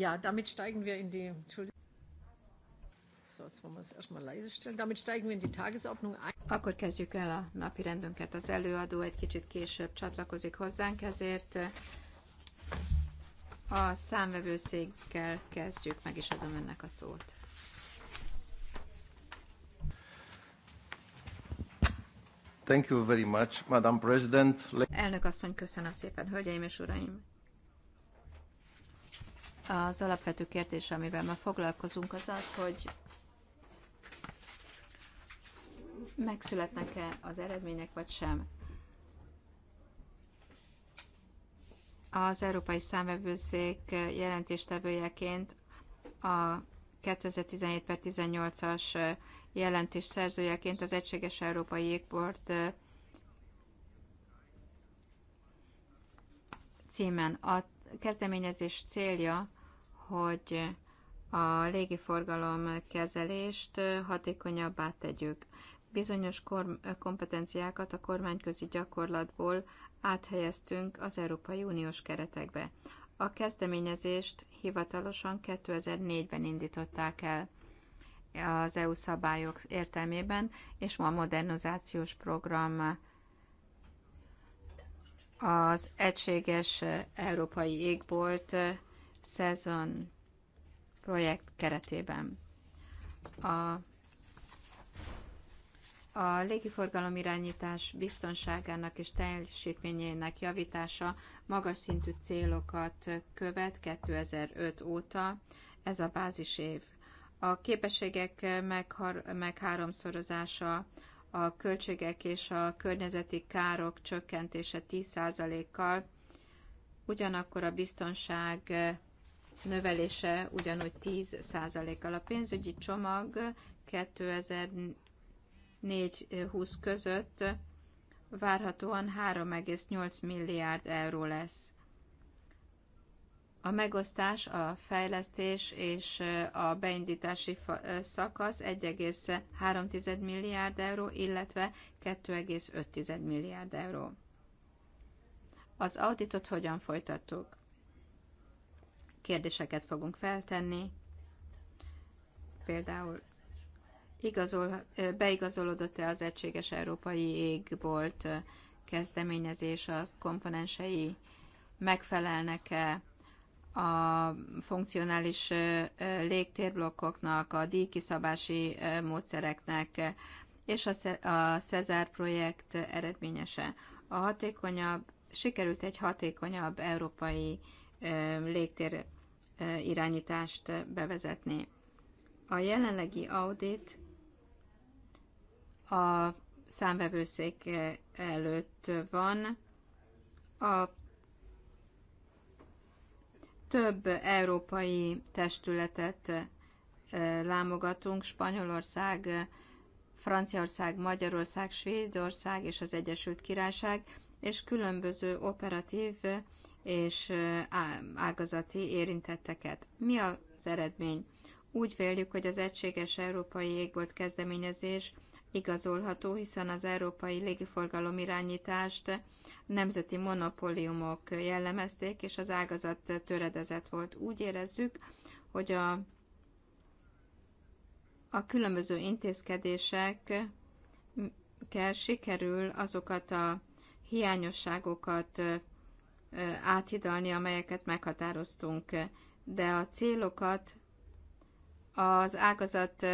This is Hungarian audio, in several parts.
Ja, damit steigen wir in die. Entschuldigung. So, jetzt wollen wir es erstmal leise stellen. Damit steigen wir in die Tagesordnung ein. Akkor kezdjük el a napi rendünket. Az előadó egy kicsit később csatlakozik hozzánk, ezért a számvevőszéggel kezdjük, meg is adom önnek a szót. Thank you very much, Madam President. Elnök asszony, köszönöm szépen, hölgyeim és uraim! Az alapvető kérdés, amivel ma foglalkozunk, az az, hogy megszületnek-e az eredmények, vagy sem. Az Európai Számvevőszék jelentéstevőjeként a 2017 per 18-as jelentés szerzőjeként az Egységes Európai Égbort címen a kezdeményezés célja hogy a légiforgalom kezelést hatékonyabbá tegyük. Bizonyos kompetenciákat a kormányközi gyakorlatból áthelyeztünk az Európai Uniós keretekbe. A kezdeményezést hivatalosan 2004-ben indították el az EU szabályok értelmében, és ma a modernizációs program az egységes európai égbolt Season projekt keretében. A, a légiforgalom irányítás biztonságának és teljesítményének javítása magas szintű célokat követ 2005 óta, ez a bázisév. A képességek meghar- megháromszorozása, a költségek és a környezeti károk csökkentése 10%-kal, ugyanakkor a biztonság növelése ugyanúgy 10%-kal. A pénzügyi csomag 2004-20 között várhatóan 3,8 milliárd euró lesz. A megosztás, a fejlesztés és a beindítási szakasz 1,3 milliárd euró, illetve 2,5 milliárd euró. Az auditot hogyan folytattuk? Kérdéseket fogunk feltenni, például igazol, beigazolódott-e az egységes európai égbolt kezdeményezés a komponensei megfelelnek-e a funkcionális légtérblokkoknak, a díjkiszabási módszereknek, és a Cezár projekt eredményese. A hatékonyabb, sikerült egy hatékonyabb európai légtér irányítást bevezetni. A jelenlegi audit a számvevőszék előtt van. A több európai testületet lámogatunk, Spanyolország, Franciaország, Magyarország, Svédország és az Egyesült Királyság, és különböző operatív és ágazati érintetteket. Mi az eredmény? Úgy véljük, hogy az egységes európai égbolt kezdeményezés igazolható, hiszen az európai légiforgalom irányítást nemzeti monopóliumok jellemezték, és az ágazat töredezett volt. Úgy érezzük, hogy a, a különböző intézkedések kell sikerül azokat a hiányosságokat áthidalni, amelyeket meghatároztunk. De a célokat az ágazat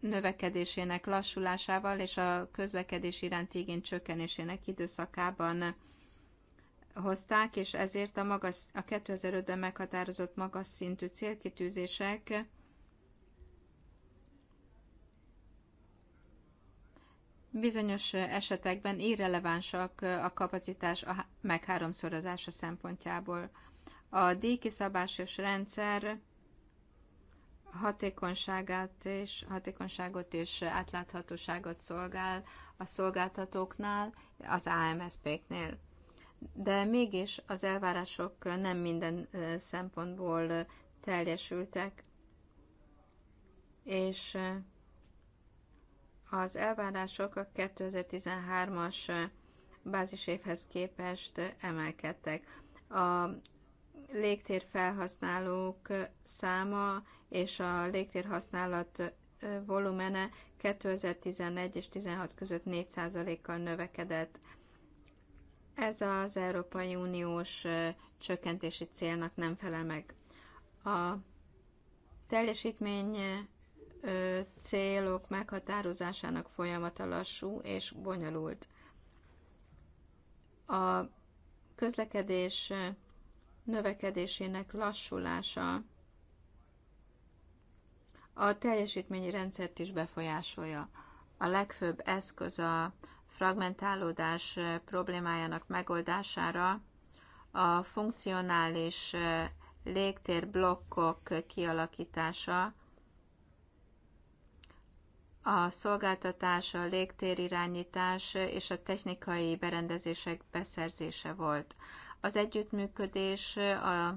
növekedésének lassulásával és a közlekedés iránti igény csökkenésének időszakában hozták, és ezért a, magas, a 2005-ben meghatározott magas szintű célkitűzések bizonyos esetekben irrelevánsak a kapacitás megháromszorozása szempontjából. A díjkiszabásos rendszer hatékonyságát és hatékonyságot és átláthatóságot szolgál a szolgáltatóknál, az AMSP-knél. De mégis az elvárások nem minden szempontból teljesültek, és az elvárások a 2013-as bázisévhez képest emelkedtek. A légtér felhasználók száma és a légtér használat volumene 2011 és 16 között 4%-kal növekedett. Ez az Európai Uniós csökkentési célnak nem felel meg. A teljesítmény célok meghatározásának folyamata lassú és bonyolult. A közlekedés növekedésének lassulása a teljesítményi rendszert is befolyásolja. A legfőbb eszköz a fragmentálódás problémájának megoldására a funkcionális légtérblokkok kialakítása, a szolgáltatás, a légtérirányítás és a technikai berendezések beszerzése volt. Az együttműködés a,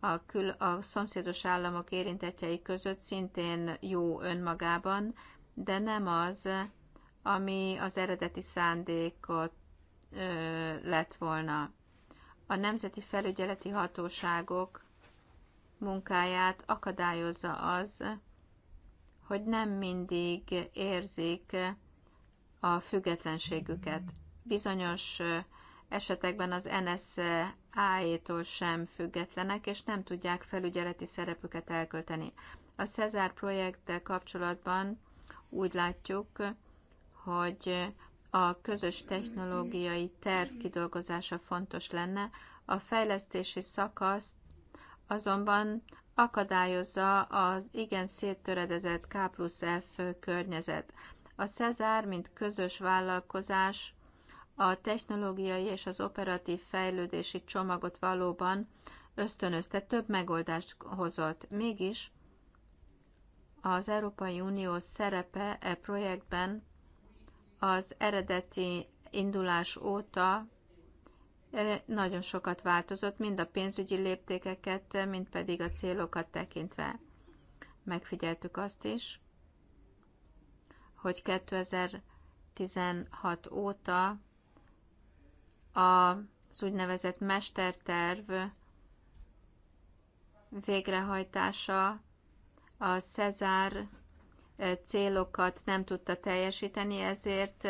a, kül, a szomszédos államok érintetjei között szintén jó önmagában, de nem az, ami az eredeti szándékot ö, lett volna. A nemzeti felügyeleti hatóságok munkáját akadályozza az, hogy nem mindig érzik a függetlenségüket. Bizonyos esetekben az NSA-tól sem függetlenek, és nem tudják felügyeleti szerepüket elkölteni. A Cezár projekttel kapcsolatban úgy látjuk, hogy a közös technológiai terv kidolgozása fontos lenne, a fejlesztési szakaszt azonban akadályozza az igen széttöredezett K plusz F környezet. A Cezár, mint közös vállalkozás, a technológiai és az operatív fejlődési csomagot valóban ösztönözte, több megoldást hozott. Mégis az Európai Unió szerepe e projektben az eredeti indulás óta nagyon sokat változott, mind a pénzügyi léptékeket, mind pedig a célokat tekintve. Megfigyeltük azt is, hogy 2016 óta az úgynevezett mesterterv végrehajtása a Cezár eh, célokat nem tudta teljesíteni, ezért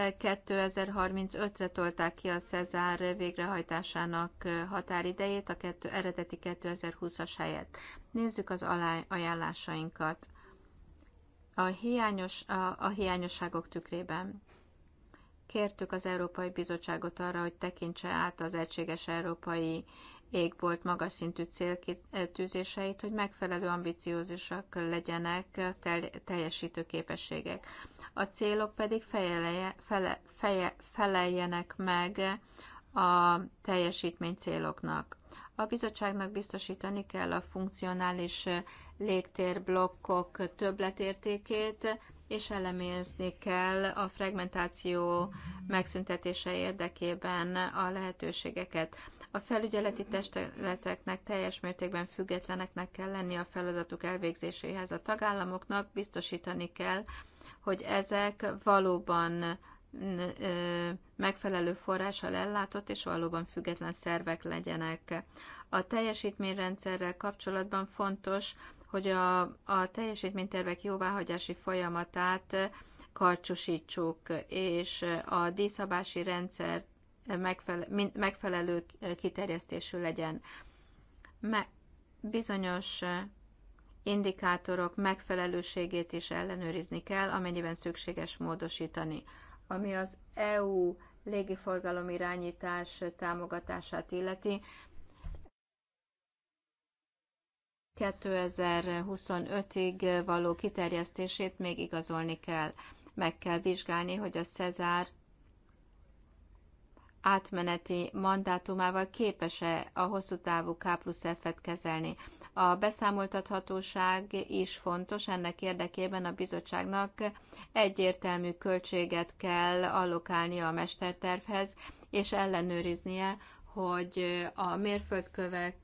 2035-re tolták ki a Cezár végrehajtásának határidejét, a kettő, eredeti 2020-as helyett. Nézzük az alá, ajánlásainkat. A, hiányos, a, a hiányosságok tükrében kértük az Európai Bizottságot arra, hogy tekintse át az egységes európai égbolt magas szintű célkitűzéseit, hogy megfelelő ambiciózusak legyenek teljesítő képességek a célok pedig fejelje, fele, feje, feleljenek meg a teljesítmény céloknak. A bizottságnak biztosítani kell a funkcionális légtérblokkok többletértékét, és elemézni kell a fragmentáció megszüntetése érdekében a lehetőségeket. A felügyeleti testületeknek teljes mértékben függetleneknek kell lenni a feladatuk elvégzéséhez. A tagállamoknak biztosítani kell, hogy ezek valóban megfelelő forrással ellátott és valóban független szervek legyenek. A teljesítményrendszerrel kapcsolatban fontos, hogy a, a teljesítménytervek jóváhagyási folyamatát karcsúsítsuk, és a díszabási rendszer megfelelő, megfelelő kiterjesztésű legyen. Me, bizonyos indikátorok megfelelőségét is ellenőrizni kell, amennyiben szükséges módosítani. Ami az EU légiforgalom irányítás támogatását illeti, 2025-ig való kiterjesztését még igazolni kell. Meg kell vizsgálni, hogy a Cezár átmeneti mandátumával képes-e a hosszú távú K plusz F-et kezelni. A beszámoltathatóság is fontos, ennek érdekében a bizottságnak egyértelmű költséget kell allokálnia a mestertervhez, és ellenőriznie, hogy a mérföldkövek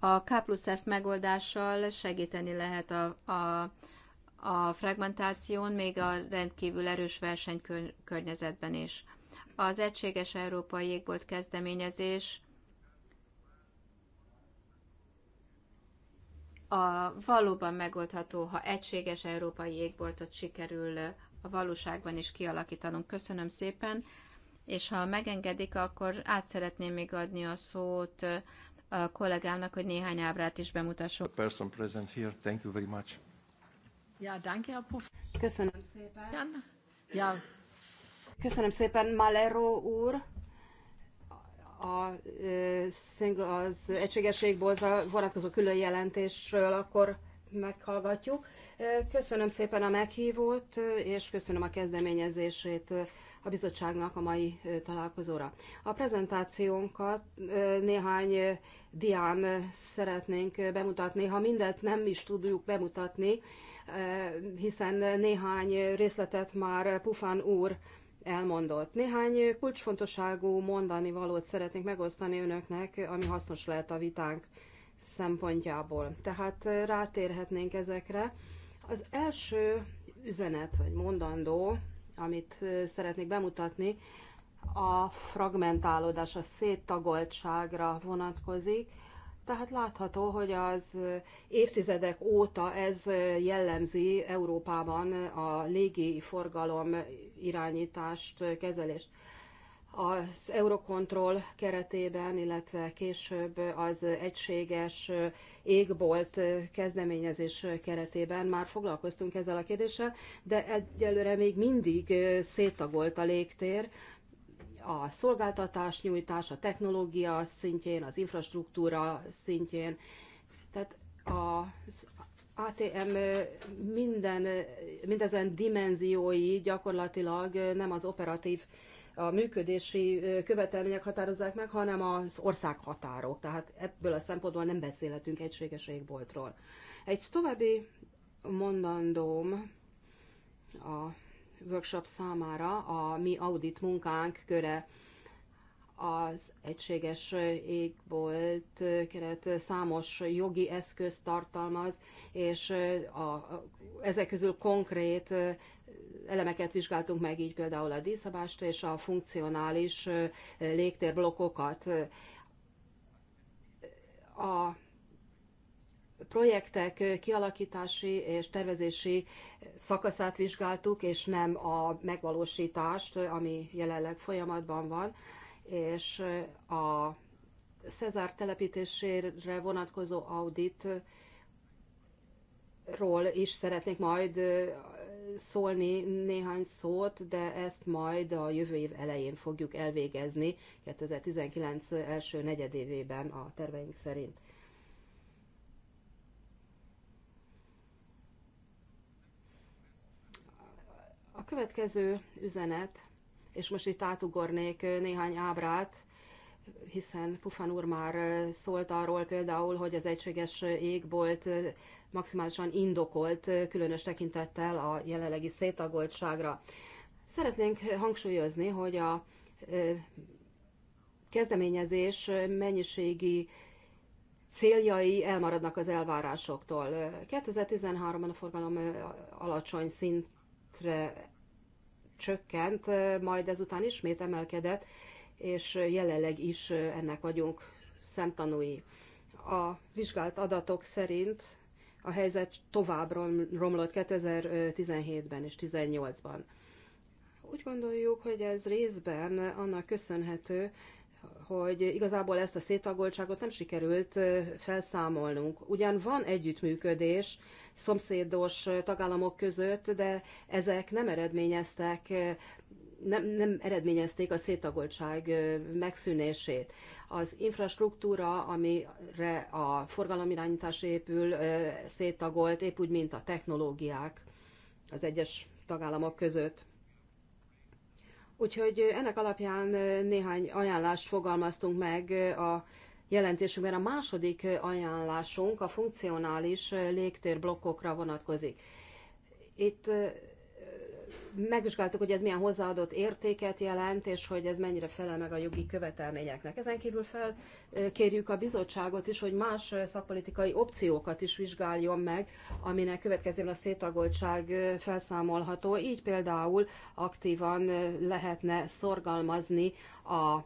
a K plusz F megoldással segíteni lehet a, a, a fragmentáción, még a rendkívül erős versenykörnyezetben is az Egységes Európai Jégbolt kezdeményezés a valóban megoldható, ha egységes európai jégboltot sikerül a valóságban is kialakítanunk. Köszönöm szépen, és ha megengedik, akkor át szeretném még adni a szót a kollégámnak, hogy néhány ábrát is bemutassuk. Köszönöm szépen. Ja, danke, Herr Köszönöm szépen. Ja, Köszönöm szépen, Malero úr! a az egységességboltra vonatkozó külön jelentésről akkor meghallgatjuk. Köszönöm szépen a meghívót, és köszönöm a kezdeményezését a bizottságnak a mai találkozóra. A prezentációnkat néhány dián szeretnénk bemutatni, ha mindent nem is tudjuk bemutatni, hiszen néhány részletet már Pufan úr elmondott. Néhány kulcsfontosságú mondani valót szeretnék megosztani önöknek, ami hasznos lehet a vitánk szempontjából. Tehát eh, rátérhetnénk ezekre. Az első üzenet vagy mondandó, amit eh, szeretnék bemutatni, a fragmentálódás, a széttagoltságra vonatkozik. Tehát látható, hogy az évtizedek óta ez jellemzi Európában a légi forgalom irányítást, kezelést. Az Eurocontrol keretében, illetve később az egységes égbolt kezdeményezés keretében már foglalkoztunk ezzel a kérdéssel, de egyelőre még mindig széttagolt a légtér, a szolgáltatás nyújtás, a technológia szintjén, az infrastruktúra szintjén. Tehát az ATM minden, mindezen dimenziói gyakorlatilag nem az operatív a működési követelmények határozzák meg, hanem az ország határok. Tehát ebből a szempontból nem beszélhetünk egységes égboltról. Egy további mondandóm a workshop számára a mi audit munkánk köre az egységes égbolt keret számos jogi eszköz tartalmaz, és a, ezek közül konkrét elemeket vizsgáltunk meg, így például a díszabást és a funkcionális légtérblokkokat. A projektek kialakítási és tervezési szakaszát vizsgáltuk, és nem a megvalósítást, ami jelenleg folyamatban van, és a Cezár telepítésére vonatkozó auditról is szeretnék majd szólni néhány szót, de ezt majd a jövő év elején fogjuk elvégezni, 2019 első negyedévében a terveink szerint. következő üzenet, és most itt átugornék néhány ábrát, hiszen Pufan úr már szólt arról például, hogy az egységes égbolt maximálisan indokolt, különös tekintettel a jelenlegi szétagoltságra. Szeretnénk hangsúlyozni, hogy a kezdeményezés mennyiségi céljai elmaradnak az elvárásoktól. 2013-ban a forgalom alacsony szintre csökkent, majd ezután ismét emelkedett, és jelenleg is ennek vagyunk szemtanúi. A vizsgált adatok szerint a helyzet tovább romlott 2017-ben és 2018-ban. Úgy gondoljuk, hogy ez részben annak köszönhető, hogy igazából ezt a széttagoltságot nem sikerült felszámolnunk. Ugyan van együttműködés szomszédos tagállamok között, de ezek nem eredményeztek, nem, nem eredményezték a széttagoltság megszűnését. Az infrastruktúra, amire a forgalomirányítás épül, széttagolt, épp úgy, mint a technológiák az egyes tagállamok között. Úgyhogy ennek alapján néhány ajánlást fogalmaztunk meg a jelentésünkben. A második ajánlásunk a funkcionális légtérblokkokra vonatkozik. Itt megvizsgáltuk, hogy ez milyen hozzáadott értéket jelent, és hogy ez mennyire felel meg a jogi követelményeknek. Ezen kívül felkérjük a bizottságot is, hogy más szakpolitikai opciókat is vizsgáljon meg, aminek következtében a széttagoltság felszámolható. Így például aktívan lehetne szorgalmazni a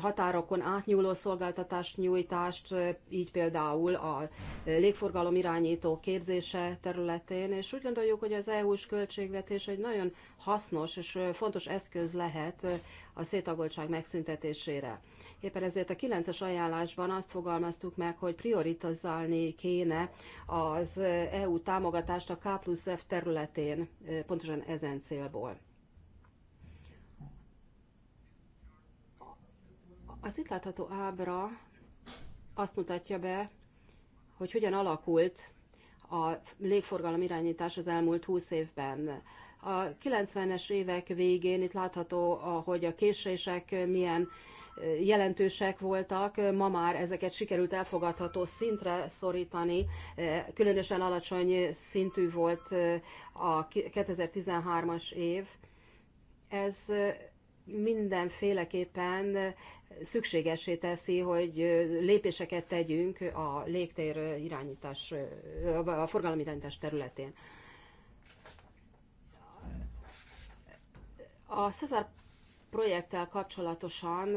határokon átnyúló szolgáltatást nyújtást, így például a légforgalom irányító képzése területén, és úgy gondoljuk, hogy az EU-s költségvetés egy nagyon hasznos és fontos eszköz lehet a szétagoltság megszüntetésére. Éppen ezért a 9-es ajánlásban azt fogalmaztuk meg, hogy prioritizálni kéne az EU támogatást a K plusz F területén, pontosan ezen célból. Az itt látható ábra azt mutatja be, hogy hogyan alakult a légforgalom irányítás az elmúlt 20 évben. A 90-es évek végén itt látható, hogy a késések milyen jelentősek voltak, ma már ezeket sikerült elfogadható szintre szorítani, különösen alacsony szintű volt a 2013-as év. Ez mindenféleképpen szükségesé teszi, hogy lépéseket tegyünk a légtér irányítás, a forgalomirányítás területén. A Cezár projekttel kapcsolatosan,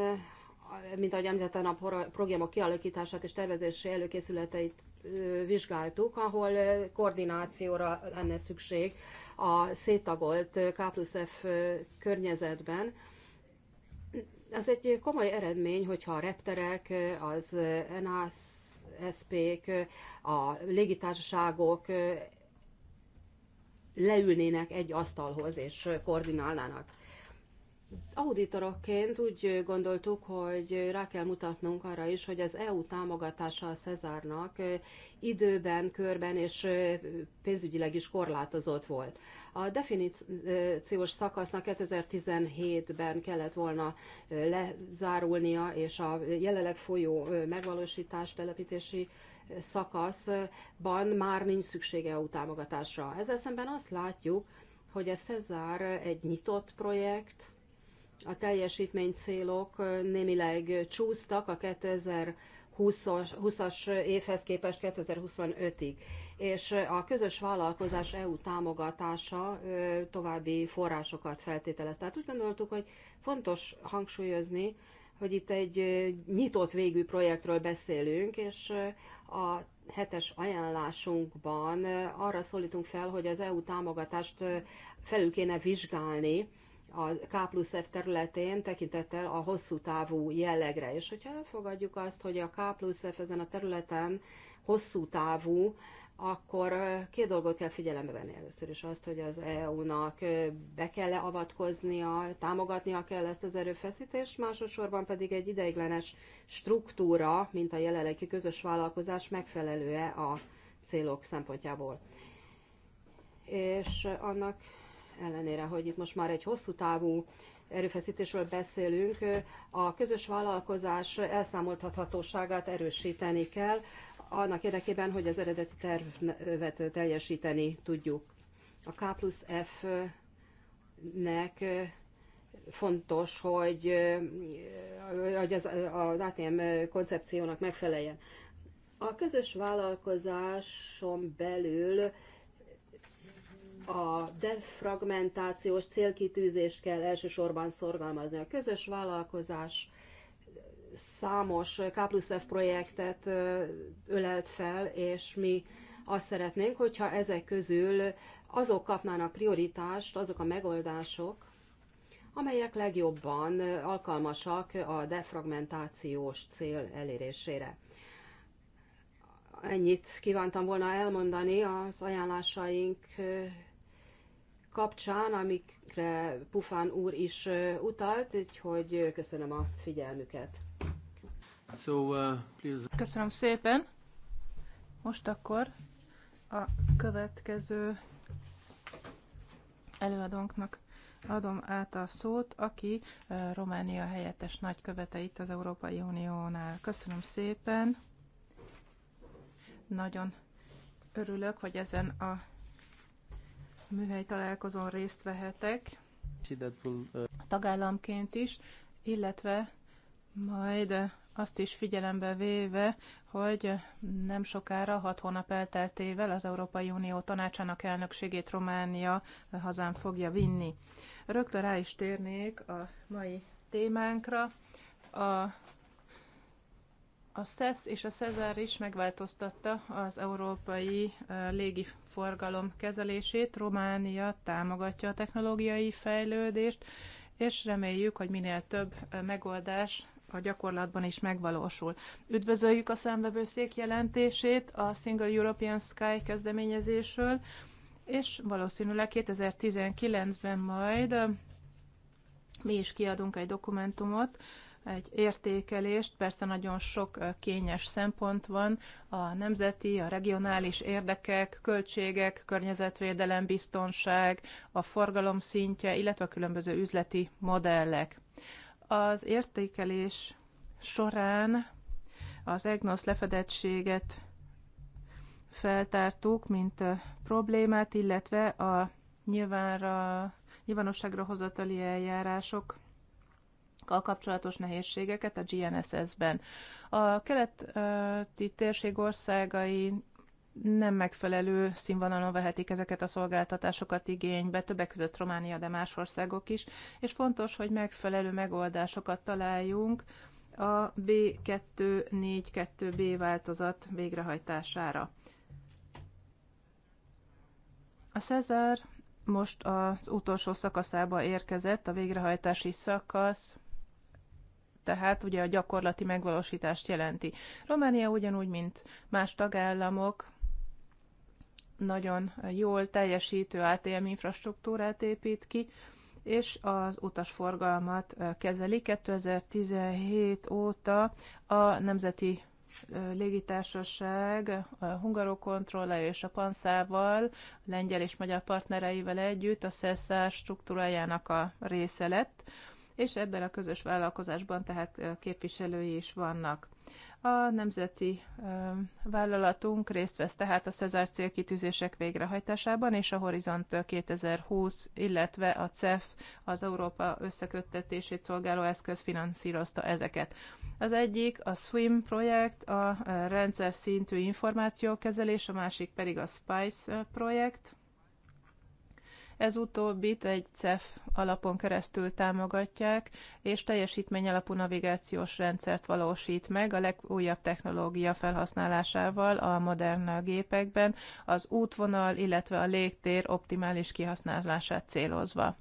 mint ahogy említettem, a programok kialakítását és tervezési előkészületeit vizsgáltuk, ahol koordinációra lenne szükség a széttagolt K plusz F környezetben, ez egy komoly eredmény, hogyha a repterek, az NASP-k, a légitársaságok leülnének egy asztalhoz és koordinálnának. Auditorokként úgy gondoltuk, hogy rá kell mutatnunk arra is, hogy az EU támogatása a Cezárnak időben, körben és pénzügyileg is korlátozott volt. A definíciós szakasznak 2017-ben kellett volna lezárulnia, és a jelenleg folyó megvalósítás, telepítési szakaszban már nincs szüksége EU támogatásra. Ezzel szemben azt látjuk, hogy a Cezár egy nyitott projekt, a teljesítmény célok némileg csúsztak a 2020-as évhez képest 2025-ig, és a közös vállalkozás EU támogatása további forrásokat feltételez. Tehát úgy gondoltuk, hogy fontos hangsúlyozni, hogy itt egy nyitott végű projektről beszélünk, és a hetes ajánlásunkban arra szólítunk fel, hogy az EU támogatást felül kéne vizsgálni, a K plusz F területén tekintettel a hosszú távú jellegre. És hogyha elfogadjuk azt, hogy a K plusz F ezen a területen hosszú távú, akkor két dolgot kell figyelembe venni. Először is azt, hogy az EU-nak be kell avatkoznia, támogatnia kell ezt az erőfeszítést, másodszorban pedig egy ideiglenes struktúra, mint a jelenlegi közös vállalkozás megfelelő-e a célok szempontjából. És annak ellenére, hogy itt most már egy hosszú távú erőfeszítésről beszélünk, a közös vállalkozás elszámoltathatóságát erősíteni kell, annak érdekében, hogy az eredeti tervet teljesíteni tudjuk. A K plusz F-nek fontos, hogy, hogy az, az ATM koncepciónak megfeleljen. A közös vállalkozáson belül a defragmentációs célkitűzést kell elsősorban szorgalmazni. A közös vállalkozás számos K plusz F projektet ölelt fel, és mi azt szeretnénk, hogyha ezek közül azok kapnának prioritást, azok a megoldások, amelyek legjobban alkalmasak a defragmentációs cél elérésére. Ennyit kívántam volna elmondani az ajánlásaink kapcsán, amikre Pufán úr is utalt, úgyhogy köszönöm a figyelmüket. So, uh, please. Köszönöm szépen. Most akkor a következő előadónknak adom át a szót, aki Románia helyettes nagykövete itt az Európai Uniónál. Köszönöm szépen. Nagyon örülök, hogy ezen a műhely találkozón részt vehetek, uh, tagállamként is, illetve majd azt is figyelembe véve, hogy nem sokára, hat hónap elteltével az Európai Unió tanácsának elnökségét Románia hazán fogja vinni. Rögtön rá is térnék a mai témánkra, a a szesz és a CESAR is megváltoztatta az európai légiforgalom kezelését. Románia támogatja a technológiai fejlődést, és reméljük, hogy minél több megoldás a gyakorlatban is megvalósul. Üdvözöljük a számvevőszék jelentését a Single European Sky kezdeményezésről, és valószínűleg 2019-ben majd mi is kiadunk egy dokumentumot, egy értékelést. Persze nagyon sok kényes szempont van, a nemzeti, a regionális érdekek, költségek, környezetvédelem, biztonság, a forgalom szintje, illetve a különböző üzleti modellek. Az értékelés során az EGNOSZ lefedettséget feltártuk, mint problémát, illetve a nyilvánra, nyilvánosságra hozatali eljárások kapcsolatos nehézségeket a GNSS-ben. A keleti térség országai nem megfelelő színvonalon vehetik ezeket a szolgáltatásokat igénybe, többek között Románia, de más országok is, és fontos, hogy megfelelő megoldásokat találjunk a B242B változat végrehajtására. A Cezár most az utolsó szakaszába érkezett, a végrehajtási szakasz tehát ugye a gyakorlati megvalósítást jelenti. Románia ugyanúgy, mint más tagállamok, nagyon jól teljesítő ATM infrastruktúrát épít ki, és az utasforgalmat kezeli. 2017 óta a Nemzeti légitársaság a Hungarokontrolla és a Panszával, lengyel és magyar partnereivel együtt a SESZÁR struktúrájának a része lett és ebben a közös vállalkozásban tehát képviselői is vannak. A nemzeti vállalatunk részt vesz tehát a Cezár célkitűzések végrehajtásában, és a Horizont 2020, illetve a CEF, az Európa összeköttetését szolgáló eszköz finanszírozta ezeket. Az egyik a SWIM projekt, a rendszer szintű információkezelés, a másik pedig a SPICE projekt, ez utóbbit egy CEF alapon keresztül támogatják, és teljesítmény alapú navigációs rendszert valósít meg a legújabb technológia felhasználásával a modern gépekben, az útvonal, illetve a légtér optimális kihasználását célozva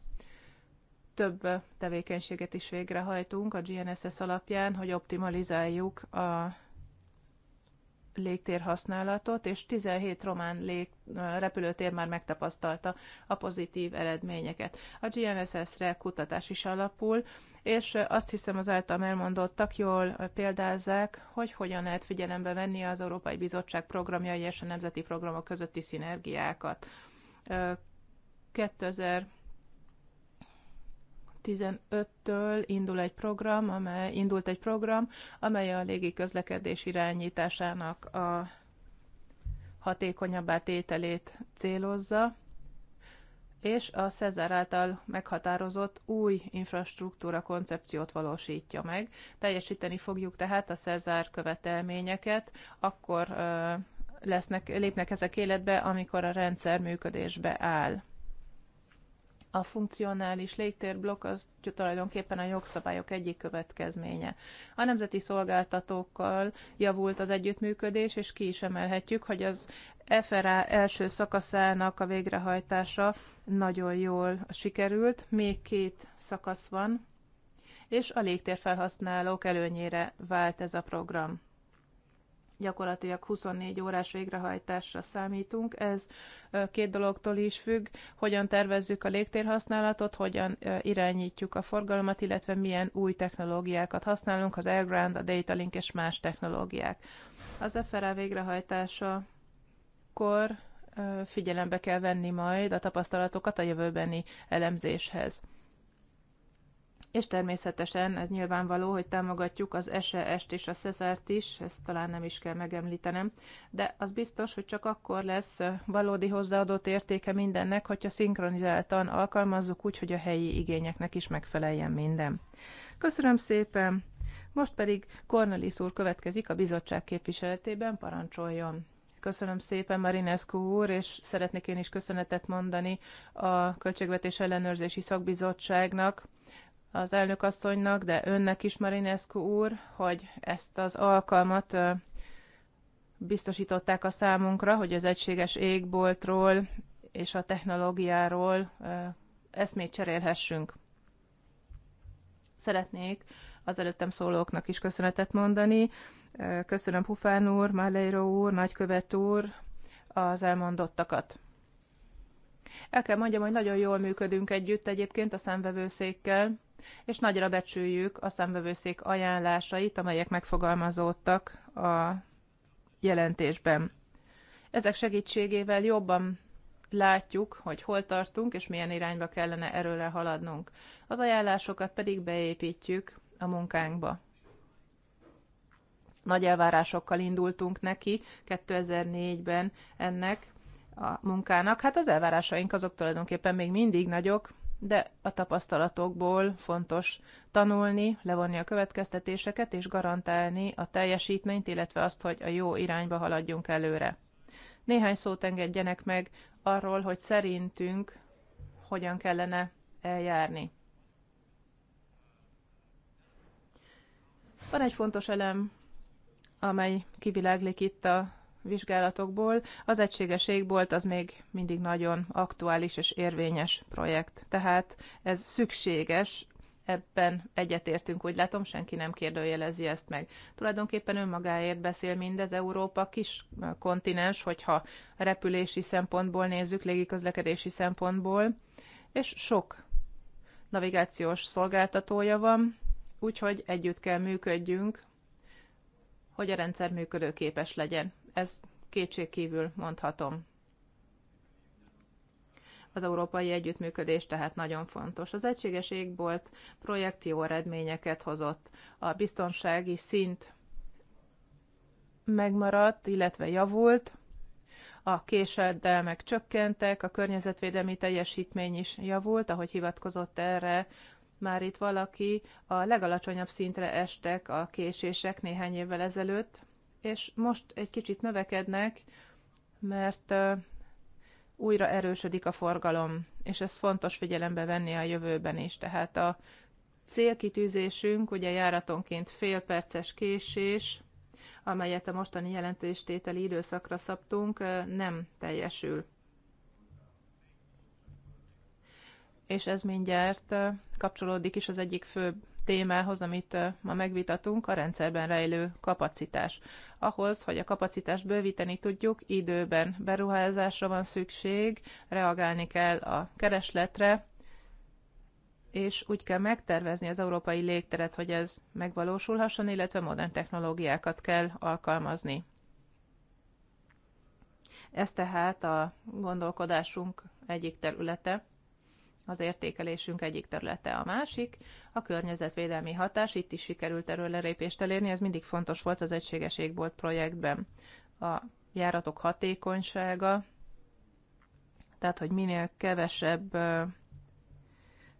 több tevékenységet is végrehajtunk a GNSS alapján, hogy optimalizáljuk a légtér használatot, és 17 román lég, repülőtér már megtapasztalta a pozitív eredményeket. A GNSS-re kutatás is alapul, és azt hiszem az által elmondottak jól példázzák, hogy hogyan lehet figyelembe venni az Európai Bizottság programjai és a nemzeti programok közötti szinergiákat. 2000 15-től indul egy program, amely, indult egy program, amely a légi közlekedés irányításának a hatékonyabbá tételét célozza, és a Cezár által meghatározott új infrastruktúra koncepciót valósítja meg. Teljesíteni fogjuk tehát a Cezár követelményeket, akkor lesznek, lépnek ezek életbe, amikor a rendszer működésbe áll a funkcionális légtérblokk az tulajdonképpen a jogszabályok egyik következménye. A nemzeti szolgáltatókkal javult az együttműködés, és ki is emelhetjük, hogy az FRA első szakaszának a végrehajtása nagyon jól sikerült, még két szakasz van, és a légtérfelhasználók előnyére vált ez a program gyakorlatilag 24 órás végrehajtásra számítunk. Ez két dologtól is függ, hogyan tervezzük a légtérhasználatot, hogyan irányítjuk a forgalmat, illetve milyen új technológiákat használunk, az Airground, a Datalink és más technológiák. Az FRA végrehajtása kor figyelembe kell venni majd a tapasztalatokat a jövőbeni elemzéshez. És természetesen ez nyilvánvaló, hogy támogatjuk az SES-t és a Cezárt is, ezt talán nem is kell megemlítenem, de az biztos, hogy csak akkor lesz valódi hozzáadott értéke mindennek, hogyha szinkronizáltan alkalmazzuk úgy, hogy a helyi igényeknek is megfeleljen minden. Köszönöm szépen! Most pedig Cornelis úr következik a bizottság képviseletében, parancsoljon! Köszönöm szépen, Marinescu úr, és szeretnék én is köszönetet mondani a Költségvetés Ellenőrzési Szakbizottságnak az elnökasszonynak, de önnek is, Marinescu úr, hogy ezt az alkalmat biztosították a számunkra, hogy az egységes égboltról és a technológiáról eszmét cserélhessünk. Szeretnék az előttem szólóknak is köszönetet mondani. Köszönöm Pufán úr, Máleiro úr, Nagykövet úr az elmondottakat. El kell mondjam, hogy nagyon jól működünk együtt egyébként a számvevőszékkel, és nagyra becsüljük a szemvevőszék ajánlásait, amelyek megfogalmazódtak a jelentésben. Ezek segítségével jobban látjuk, hogy hol tartunk, és milyen irányba kellene erőre haladnunk. Az ajánlásokat pedig beépítjük a munkánkba. Nagy elvárásokkal indultunk neki 2004-ben ennek a munkának. Hát az elvárásaink azok tulajdonképpen még mindig nagyok, de a tapasztalatokból fontos tanulni, levonni a következtetéseket és garantálni a teljesítményt, illetve azt, hogy a jó irányba haladjunk előre. Néhány szót engedjenek meg arról, hogy szerintünk hogyan kellene eljárni. Van egy fontos elem, amely kiviláglik itt a vizsgálatokból, az egységes égbolt az még mindig nagyon aktuális és érvényes projekt. Tehát ez szükséges, ebben egyetértünk, úgy látom, senki nem kérdőjelezi ezt meg. Tulajdonképpen önmagáért beszél mindez Európa, kis kontinens, hogyha repülési szempontból nézzük, légiközlekedési szempontból, és sok navigációs szolgáltatója van, úgyhogy együtt kell működjünk, hogy a rendszer működőképes legyen. Ez kétségkívül mondhatom. Az európai együttműködés tehát nagyon fontos. Az egységes égbolt projekt jó eredményeket hozott. A biztonsági szint megmaradt, illetve javult, a késedelmek csökkentek, a környezetvédelmi teljesítmény is javult, ahogy hivatkozott erre már itt valaki, a legalacsonyabb szintre estek a késések néhány évvel ezelőtt, és most egy kicsit növekednek, mert újra erősödik a forgalom, és ez fontos figyelembe venni a jövőben is. Tehát a célkitűzésünk, ugye járatonként fél perces késés, amelyet a mostani jelentéstételi időszakra szabtunk, nem teljesül. És ez mindjárt kapcsolódik is az egyik fő témához, amit ma megvitatunk, a rendszerben rejlő kapacitás. Ahhoz, hogy a kapacitást bővíteni tudjuk, időben beruházásra van szükség, reagálni kell a keresletre, és úgy kell megtervezni az európai légteret, hogy ez megvalósulhasson, illetve modern technológiákat kell alkalmazni. Ez tehát a gondolkodásunk egyik területe az értékelésünk egyik területe a másik, a környezetvédelmi hatás, itt is sikerült erről lelépést elérni, ez mindig fontos volt az Egységes Égbolt projektben. A járatok hatékonysága, tehát hogy minél kevesebb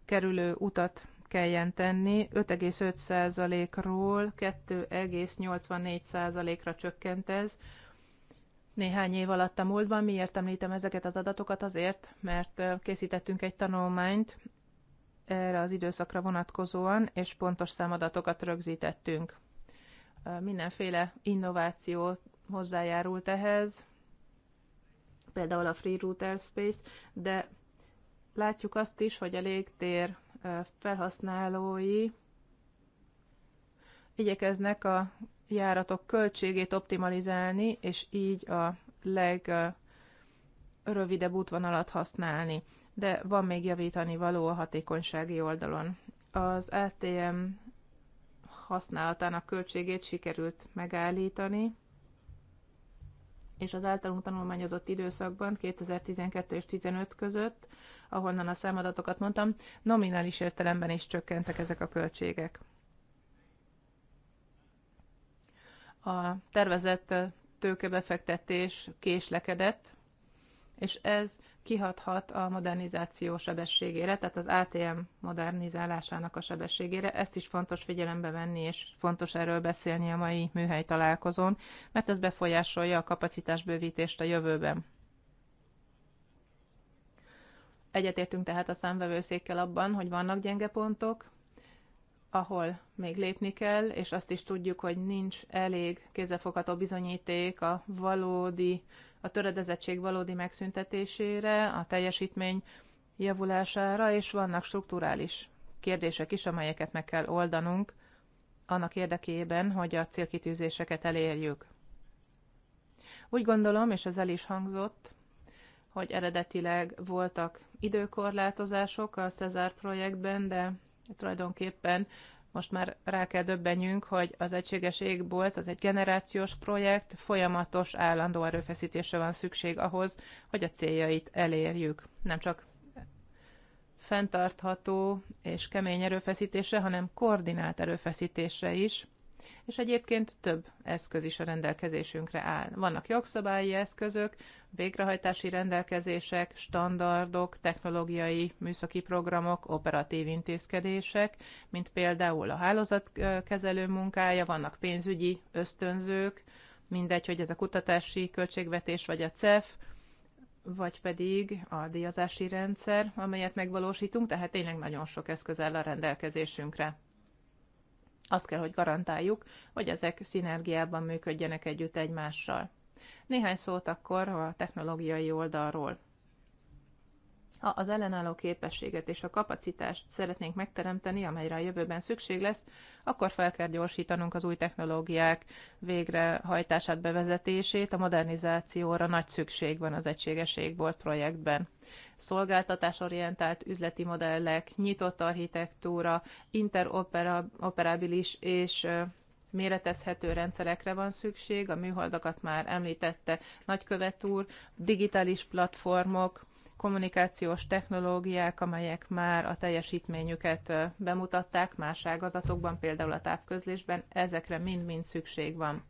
kerülő utat kelljen tenni, 5,5%-ról 2,84%-ra csökkent ez, néhány év alatt a múltban. Miért említem ezeket az adatokat? Azért, mert készítettünk egy tanulmányt erre az időszakra vonatkozóan, és pontos számadatokat rögzítettünk. Mindenféle innováció hozzájárult ehhez, például a Free Router Space, de látjuk azt is, hogy a légtér felhasználói igyekeznek a járatok költségét optimalizálni, és így a legrövidebb útvonalat használni. De van még javítani való a hatékonysági oldalon. Az ATM használatának költségét sikerült megállítani, és az általunk tanulmányozott időszakban, 2012 és 2015 között, ahonnan a számadatokat mondtam, nominális értelemben is csökkentek ezek a költségek. a tervezett tőkebefektetés késlekedett, és ez kihathat a modernizáció sebességére, tehát az ATM modernizálásának a sebességére. Ezt is fontos figyelembe venni, és fontos erről beszélni a mai műhely találkozón, mert ez befolyásolja a kapacitásbővítést a jövőben. Egyetértünk tehát a számvevőszékkel abban, hogy vannak gyenge pontok, ahol még lépni kell, és azt is tudjuk, hogy nincs elég kézzelfogható bizonyíték a valódi, a töredezettség valódi megszüntetésére, a teljesítmény javulására, és vannak strukturális kérdések is, amelyeket meg kell oldanunk annak érdekében, hogy a célkitűzéseket elérjük. Úgy gondolom, és ez el is hangzott, hogy eredetileg voltak időkorlátozások a Cezár projektben, de tulajdonképpen most már rá kell döbbenjünk, hogy az egységes égbolt az egy generációs projekt, folyamatos, állandó erőfeszítésre van szükség ahhoz, hogy a céljait elérjük. Nem csak fenntartható és kemény erőfeszítésre, hanem koordinált erőfeszítésre is, és egyébként több eszköz is a rendelkezésünkre áll. Vannak jogszabályi eszközök, végrehajtási rendelkezések, standardok, technológiai műszaki programok, operatív intézkedések, mint például a hálózatkezelő munkája, vannak pénzügyi ösztönzők, mindegy, hogy ez a kutatási költségvetés vagy a CEF, vagy pedig a díjazási rendszer, amelyet megvalósítunk, tehát tényleg nagyon sok eszköz áll a rendelkezésünkre. Azt kell, hogy garantáljuk, hogy ezek szinergiában működjenek együtt egymással. Néhány szót akkor a technológiai oldalról az ellenálló képességet és a kapacitást szeretnénk megteremteni, amelyre a jövőben szükség lesz, akkor fel kell gyorsítanunk az új technológiák végrehajtását, bevezetését, a modernizációra nagy szükség van az egységeségbolt projektben. Szolgáltatásorientált üzleti modellek, nyitott architektúra, interoperabilis és méretezhető rendszerekre van szükség, a műholdakat már említette nagykövet úr, digitális platformok, kommunikációs technológiák, amelyek már a teljesítményüket bemutatták más ágazatokban, például a távközlésben, ezekre mind-mind szükség van.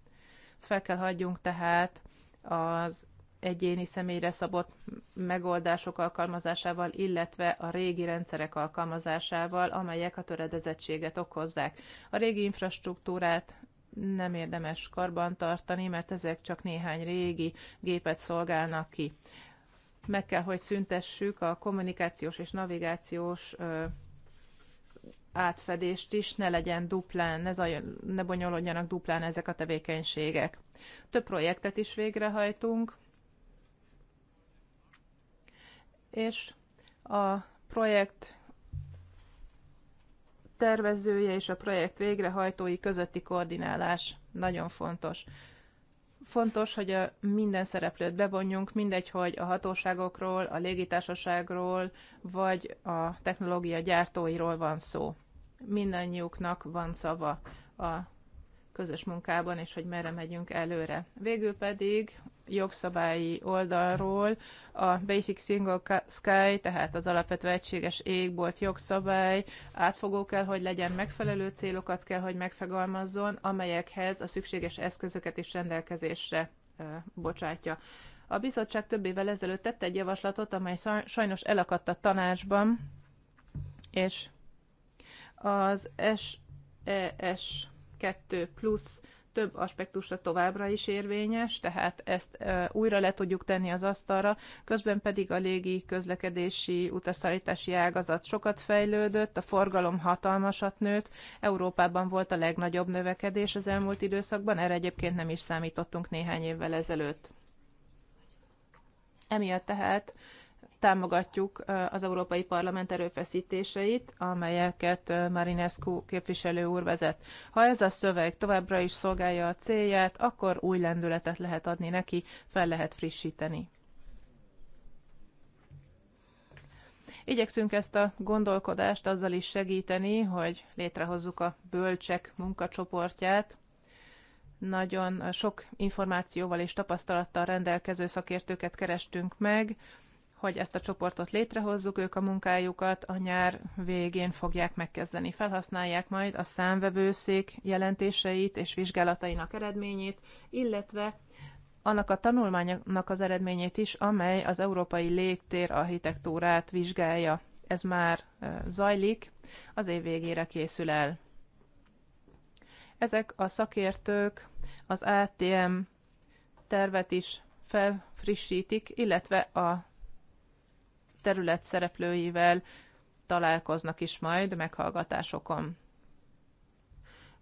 Fel kell hagyjunk tehát az egyéni személyre szabott megoldások alkalmazásával, illetve a régi rendszerek alkalmazásával, amelyek a töredezettséget okozzák. A régi infrastruktúrát nem érdemes karbantartani, mert ezek csak néhány régi gépet szolgálnak ki meg kell, hogy szüntessük a kommunikációs és navigációs átfedést is, ne legyen duplán, ne, zajon, ne bonyolodjanak duplán ezek a tevékenységek. Több projektet is végrehajtunk, és a projekt tervezője és a projekt végrehajtói közötti koordinálás nagyon fontos. Fontos, hogy a minden szereplőt bevonjunk, mindegy, hogy a hatóságokról, a légitársaságról, vagy a technológia gyártóiról van szó. Mindannyiuknak van szava a közös munkában, és hogy merre megyünk előre. Végül pedig jogszabályi oldalról a Basic Single Sky, tehát az alapvető egységes égbolt jogszabály átfogó kell, hogy legyen megfelelő célokat kell, hogy megfogalmazzon, amelyekhez a szükséges eszközöket is rendelkezésre bocsátja. A bizottság több évvel ezelőtt tette egy javaslatot, amely sajnos elakadt a tanácsban, és az SES e 2 plusz több aspektusra továbbra is érvényes, tehát ezt újra le tudjuk tenni az asztalra, közben pedig a légi közlekedési utaszállítási ágazat sokat fejlődött, a forgalom hatalmasat nőtt, Európában volt a legnagyobb növekedés az elmúlt időszakban, erre egyébként nem is számítottunk néhány évvel ezelőtt. Emiatt tehát támogatjuk az Európai Parlament erőfeszítéseit, amelyeket Marinescu képviselő úr vezet. Ha ez a szöveg továbbra is szolgálja a célját, akkor új lendületet lehet adni neki, fel lehet frissíteni. Igyekszünk ezt a gondolkodást azzal is segíteni, hogy létrehozzuk a bölcsek munkacsoportját, nagyon sok információval és tapasztalattal rendelkező szakértőket kerestünk meg, hogy ezt a csoportot létrehozzuk, ők a munkájukat a nyár végén fogják megkezdeni. Felhasználják majd a számvevőszék jelentéseit és vizsgálatainak eredményét, illetve annak a tanulmánynak az eredményét is, amely az európai légtér architektúrát vizsgálja. Ez már zajlik, az év végére készül el. Ezek a szakértők az ATM tervet is felfrissítik, illetve a terület szereplőivel találkoznak is majd meghallgatásokon.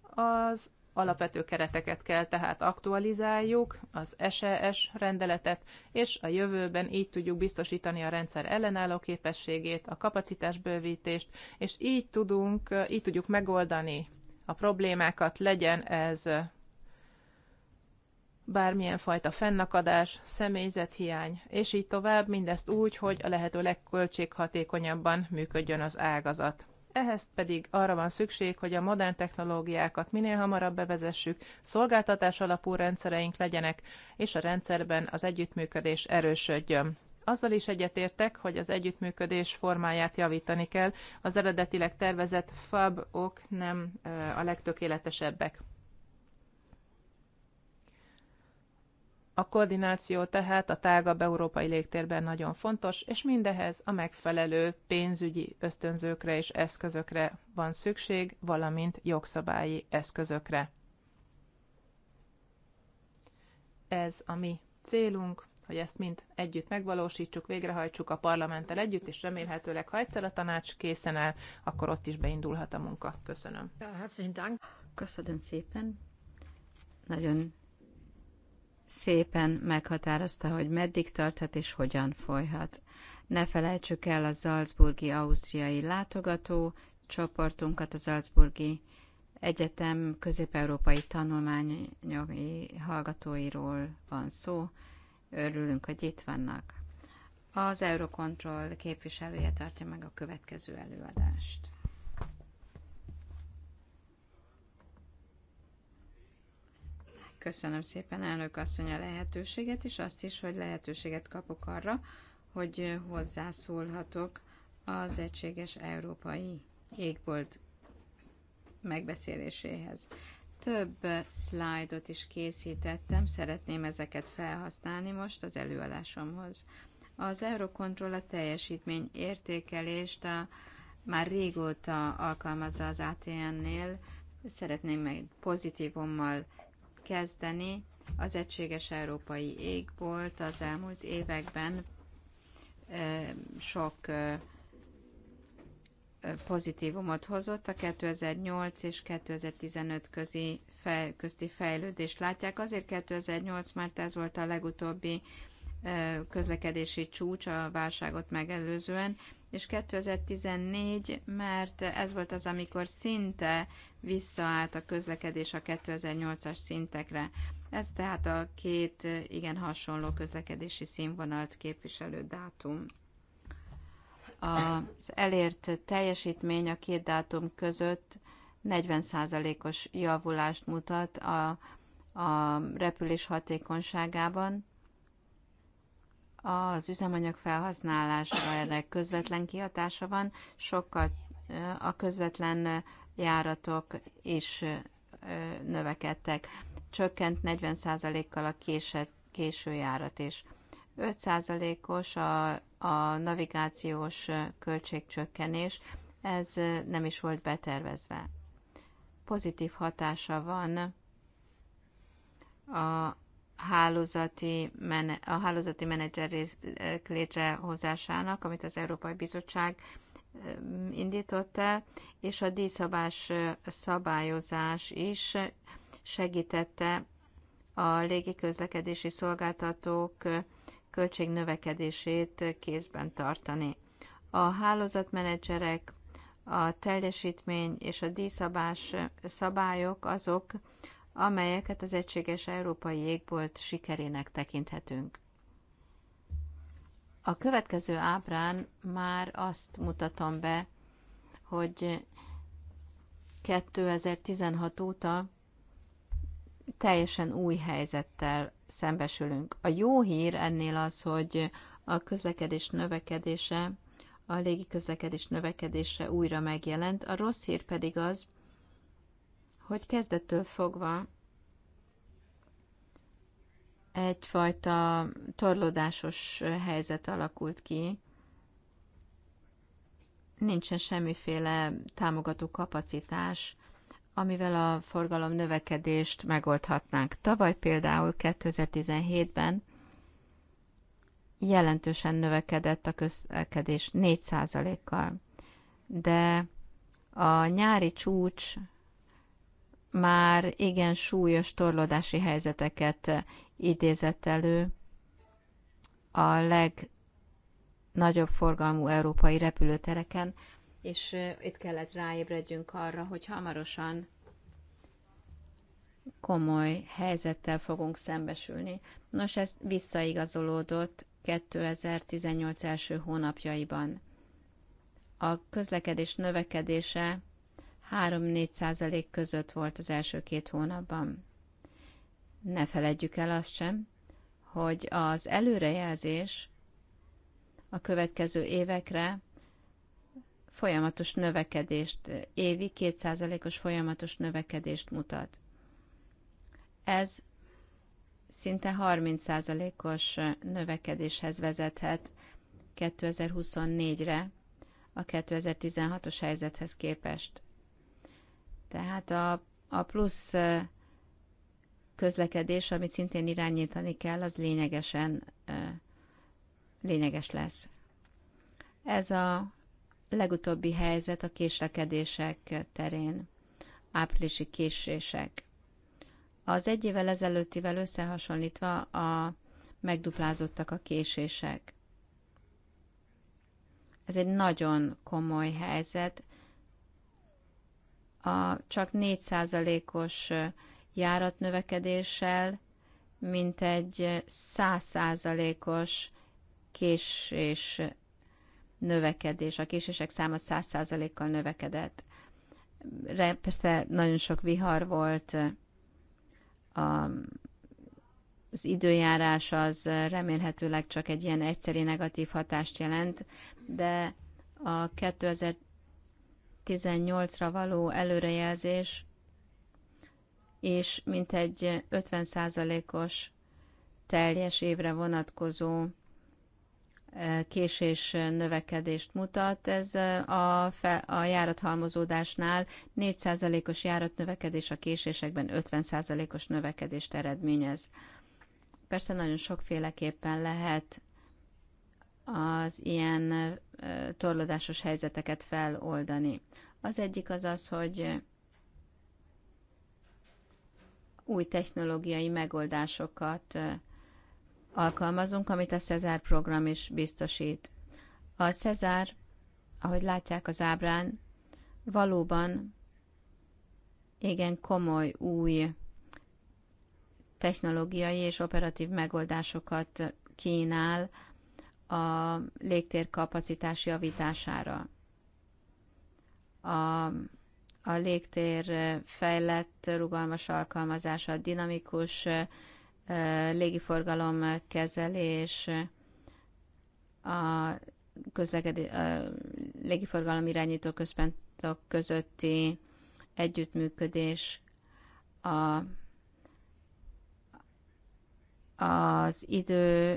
Az alapvető kereteket kell tehát aktualizáljuk, az SES e rendeletet, és a jövőben így tudjuk biztosítani a rendszer ellenálló képességét, a kapacitásbővítést, és így tudunk, így tudjuk megoldani a problémákat, legyen ez bármilyen fajta fennakadás, személyzethiány, és így tovább, mindezt úgy, hogy a lehető legköltséghatékonyabban működjön az ágazat. Ehhez pedig arra van szükség, hogy a modern technológiákat minél hamarabb bevezessük, szolgáltatás alapú rendszereink legyenek, és a rendszerben az együttműködés erősödjön. Azzal is egyetértek, hogy az együttműködés formáját javítani kell, az eredetileg tervezett fab-ok -ok nem a legtökéletesebbek. A koordináció tehát a tágabb európai légtérben nagyon fontos, és mindehez a megfelelő pénzügyi ösztönzőkre és eszközökre van szükség, valamint jogszabályi eszközökre. Ez a mi célunk, hogy ezt mind együtt megvalósítsuk, végrehajtsuk a parlamenttel együtt, és remélhetőleg, ha egyszer a tanács készen áll, akkor ott is beindulhat a munka. Köszönöm. Köszönöm szépen. Nagyon szépen meghatározta, hogy meddig tarthat és hogyan folyhat. Ne felejtsük el a Salzburgi Ausztriai látogató csoportunkat, a Salzburgi Egyetem közép-európai Tanulmányi hallgatóiról van szó. Örülünk, hogy itt vannak. Az Eurocontrol képviselője tartja meg a következő előadást. Köszönöm szépen elnök asszony a lehetőséget, és azt is, hogy lehetőséget kapok arra, hogy hozzászólhatok az egységes európai égbolt megbeszéléséhez. Több szlájdot is készítettem, szeretném ezeket felhasználni most az előadásomhoz. Az Eurocontrol a teljesítmény értékelést a, már régóta alkalmazza az ATN-nél, szeretném meg pozitívommal kezdeni az egységes európai égbolt az elmúlt években sok pozitívumot hozott. A 2008 és 2015 közi fej, közti fejlődést látják. Azért 2008, mert ez volt a legutóbbi közlekedési csúcs a válságot megelőzően, és 2014, mert ez volt az, amikor szinte visszaállt a közlekedés a 2008-as szintekre. Ez tehát a két igen hasonló közlekedési színvonalt képviselő dátum. Az elért teljesítmény a két dátum között 40%-os javulást mutat a, a repülés hatékonyságában, az üzemanyag felhasználásra ennek közvetlen kihatása van, sokkal a közvetlen járatok is növekedtek. Csökkent 40%-kal a késő járat is. 5%-os a, a navigációs költségcsökkenés, ez nem is volt betervezve. Pozitív hatása van a, hálózati, a hálózati menedzser létrehozásának, amit az Európai Bizottság indított el, és a díszabás szabályozás is segítette a légiközlekedési szolgáltatók költségnövekedését kézben tartani. A hálózatmenedzserek, a teljesítmény és a díszabás szabályok azok, amelyeket az egységes európai jégbolt sikerének tekinthetünk. A következő ábrán már azt mutatom be, hogy 2016 óta teljesen új helyzettel szembesülünk. A jó hír ennél az, hogy a közlekedés növekedése, a légi közlekedés növekedése újra megjelent, a rossz hír pedig az, hogy kezdettől fogva egyfajta torlódásos helyzet alakult ki. Nincsen semmiféle támogató kapacitás, amivel a forgalom növekedést megoldhatnánk. Tavaly például 2017-ben jelentősen növekedett a közlekedés 4%-kal, de a nyári csúcs már igen súlyos torlódási helyzeteket idézett elő a legnagyobb forgalmú európai repülőtereken, és itt kellett ráébredjünk arra, hogy hamarosan komoly helyzettel fogunk szembesülni. Nos, ez visszaigazolódott 2018 első hónapjaiban. A közlekedés növekedése 3-4 százalék között volt az első két hónapban. Ne feledjük el azt sem, hogy az előrejelzés a következő évekre folyamatos növekedést, évi kétszázalékos folyamatos növekedést mutat. Ez szinte 30 százalékos növekedéshez vezethet 2024-re a 2016-os helyzethez képest. Tehát a, a plusz közlekedés, amit szintén irányítani kell, az lényegesen lényeges lesz. Ez a legutóbbi helyzet a késlekedések terén, áprilisi késések. Az egy évvel ezelőttivel összehasonlítva a megduplázottak a késések. Ez egy nagyon komoly helyzet, a csak 4%-os járatnövekedéssel, mint egy 100%-os késés növekedés. A késések száma 100%-kal növekedett. Persze nagyon sok vihar volt, a, az időjárás az remélhetőleg csak egy ilyen egyszeri negatív hatást jelent, de a 2000 2018-ra való előrejelzés és mintegy 50%-os teljes évre vonatkozó e, késés növekedést mutat. Ez e, a, fe, a járathalmozódásnál 4%-os járatnövekedés, a késésekben 50%-os növekedést eredményez. Persze nagyon sokféleképpen lehet az ilyen torlódásos helyzeteket feloldani. Az egyik az az, hogy új technológiai megoldásokat alkalmazunk, amit a Cezár program is biztosít. A Cezár, ahogy látják az ábrán, valóban igen komoly új technológiai és operatív megoldásokat kínál a légtér kapacitás javítására. A, a légtér fejlett, rugalmas alkalmazása, a dinamikus légiforgalom kezelés, a a légiforgalom irányító központok közötti együttműködés, a az idő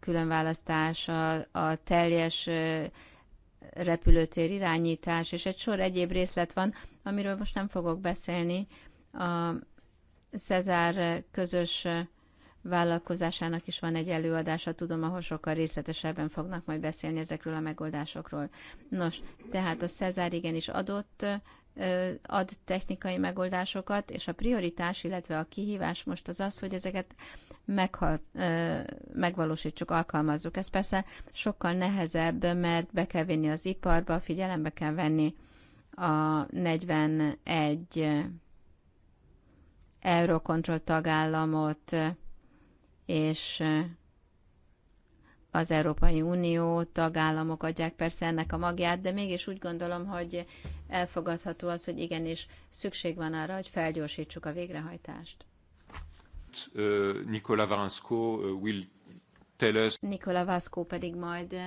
különválasztása, a teljes repülőtér irányítás, és egy sor egyéb részlet van, amiről most nem fogok beszélni. A Cezár közös vállalkozásának is van egy előadása, tudom, ahol sokkal részletesebben fognak majd beszélni ezekről a megoldásokról. Nos, tehát a Cezár igenis adott ad technikai megoldásokat, és a prioritás, illetve a kihívás most az az, hogy ezeket meghal, megvalósítsuk, alkalmazzuk. Ez persze sokkal nehezebb, mert be kell vinni az iparba, figyelembe kell venni a 41 eurókontroll tagállamot és az Európai Unió tagállamok adják persze ennek a magját, de mégis úgy gondolom, hogy elfogadható az, hogy igenis szükség van arra, hogy felgyorsítsuk a végrehajtást. Uh, Nikola Varansko uh, will tell us... Nikola Vasco pedig majd uh,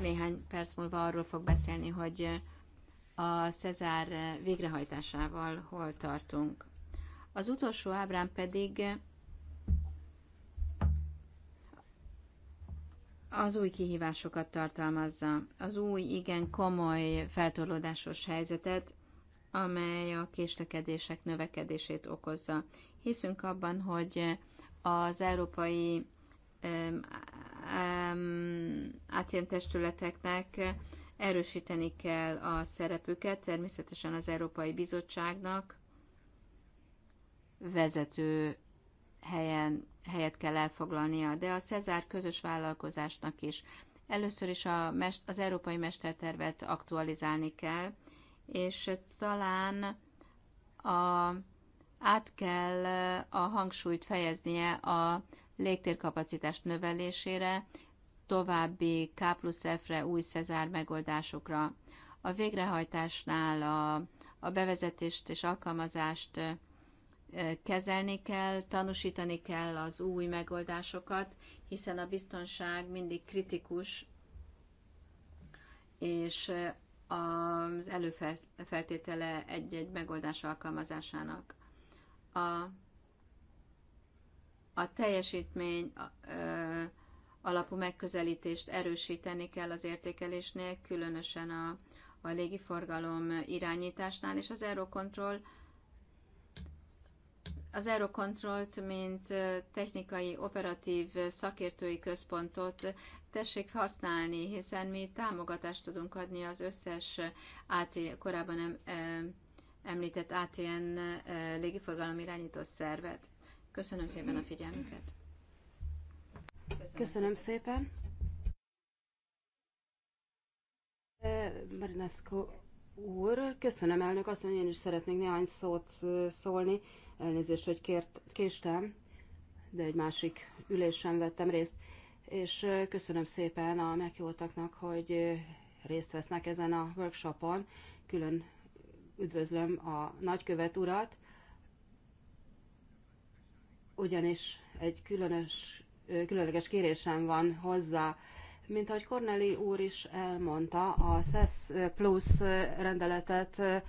néhány perc múlva arról fog beszélni, hogy a Cezár végrehajtásával hol tartunk. Az utolsó ábrán pedig az új kihívásokat tartalmazza, az új, igen komoly feltorlódásos helyzetet, amely a késlekedések növekedését okozza. Hiszünk abban, hogy az európai ATM testületeknek erősíteni kell a szerepüket, természetesen az Európai Bizottságnak vezető helyen helyet kell elfoglalnia, de a Cezár közös vállalkozásnak is. Először is a, az Európai Mestertervet aktualizálni kell, és talán a, át kell a hangsúlyt fejeznie a légtérkapacitás növelésére, további K plusz F-re, új Cezár megoldásokra. A végrehajtásnál a, a bevezetést és alkalmazást kezelni kell, tanúsítani kell az új megoldásokat, hiszen a biztonság mindig kritikus, és az előfeltétele egy-egy megoldás alkalmazásának. A, a teljesítmény ö, alapú megközelítést erősíteni kell az értékelésnél, különösen a, a légiforgalom irányításnál, és az Eurocontrol az Eurocontrolt, mint technikai, operatív szakértői központot tessék használni, hiszen mi támogatást tudunk adni az összes AT, korábban nem, említett ATN légiforgalom irányító szervet. Köszönöm szépen a figyelmüket. Köszönöm, Köszönöm szépen. szépen. Marinescu úr, köszönöm elnök, azt mondja, én is szeretnék néhány szót szólni elnézést, hogy kért, késtem, de egy másik ülésen vettem részt, és köszönöm szépen a meghívottaknak, hogy részt vesznek ezen a workshopon. Külön üdvözlöm a nagykövet urat, ugyanis egy különös, különleges kérésem van hozzá. Mint ahogy Corneli úr is elmondta, a SES Plus rendeletet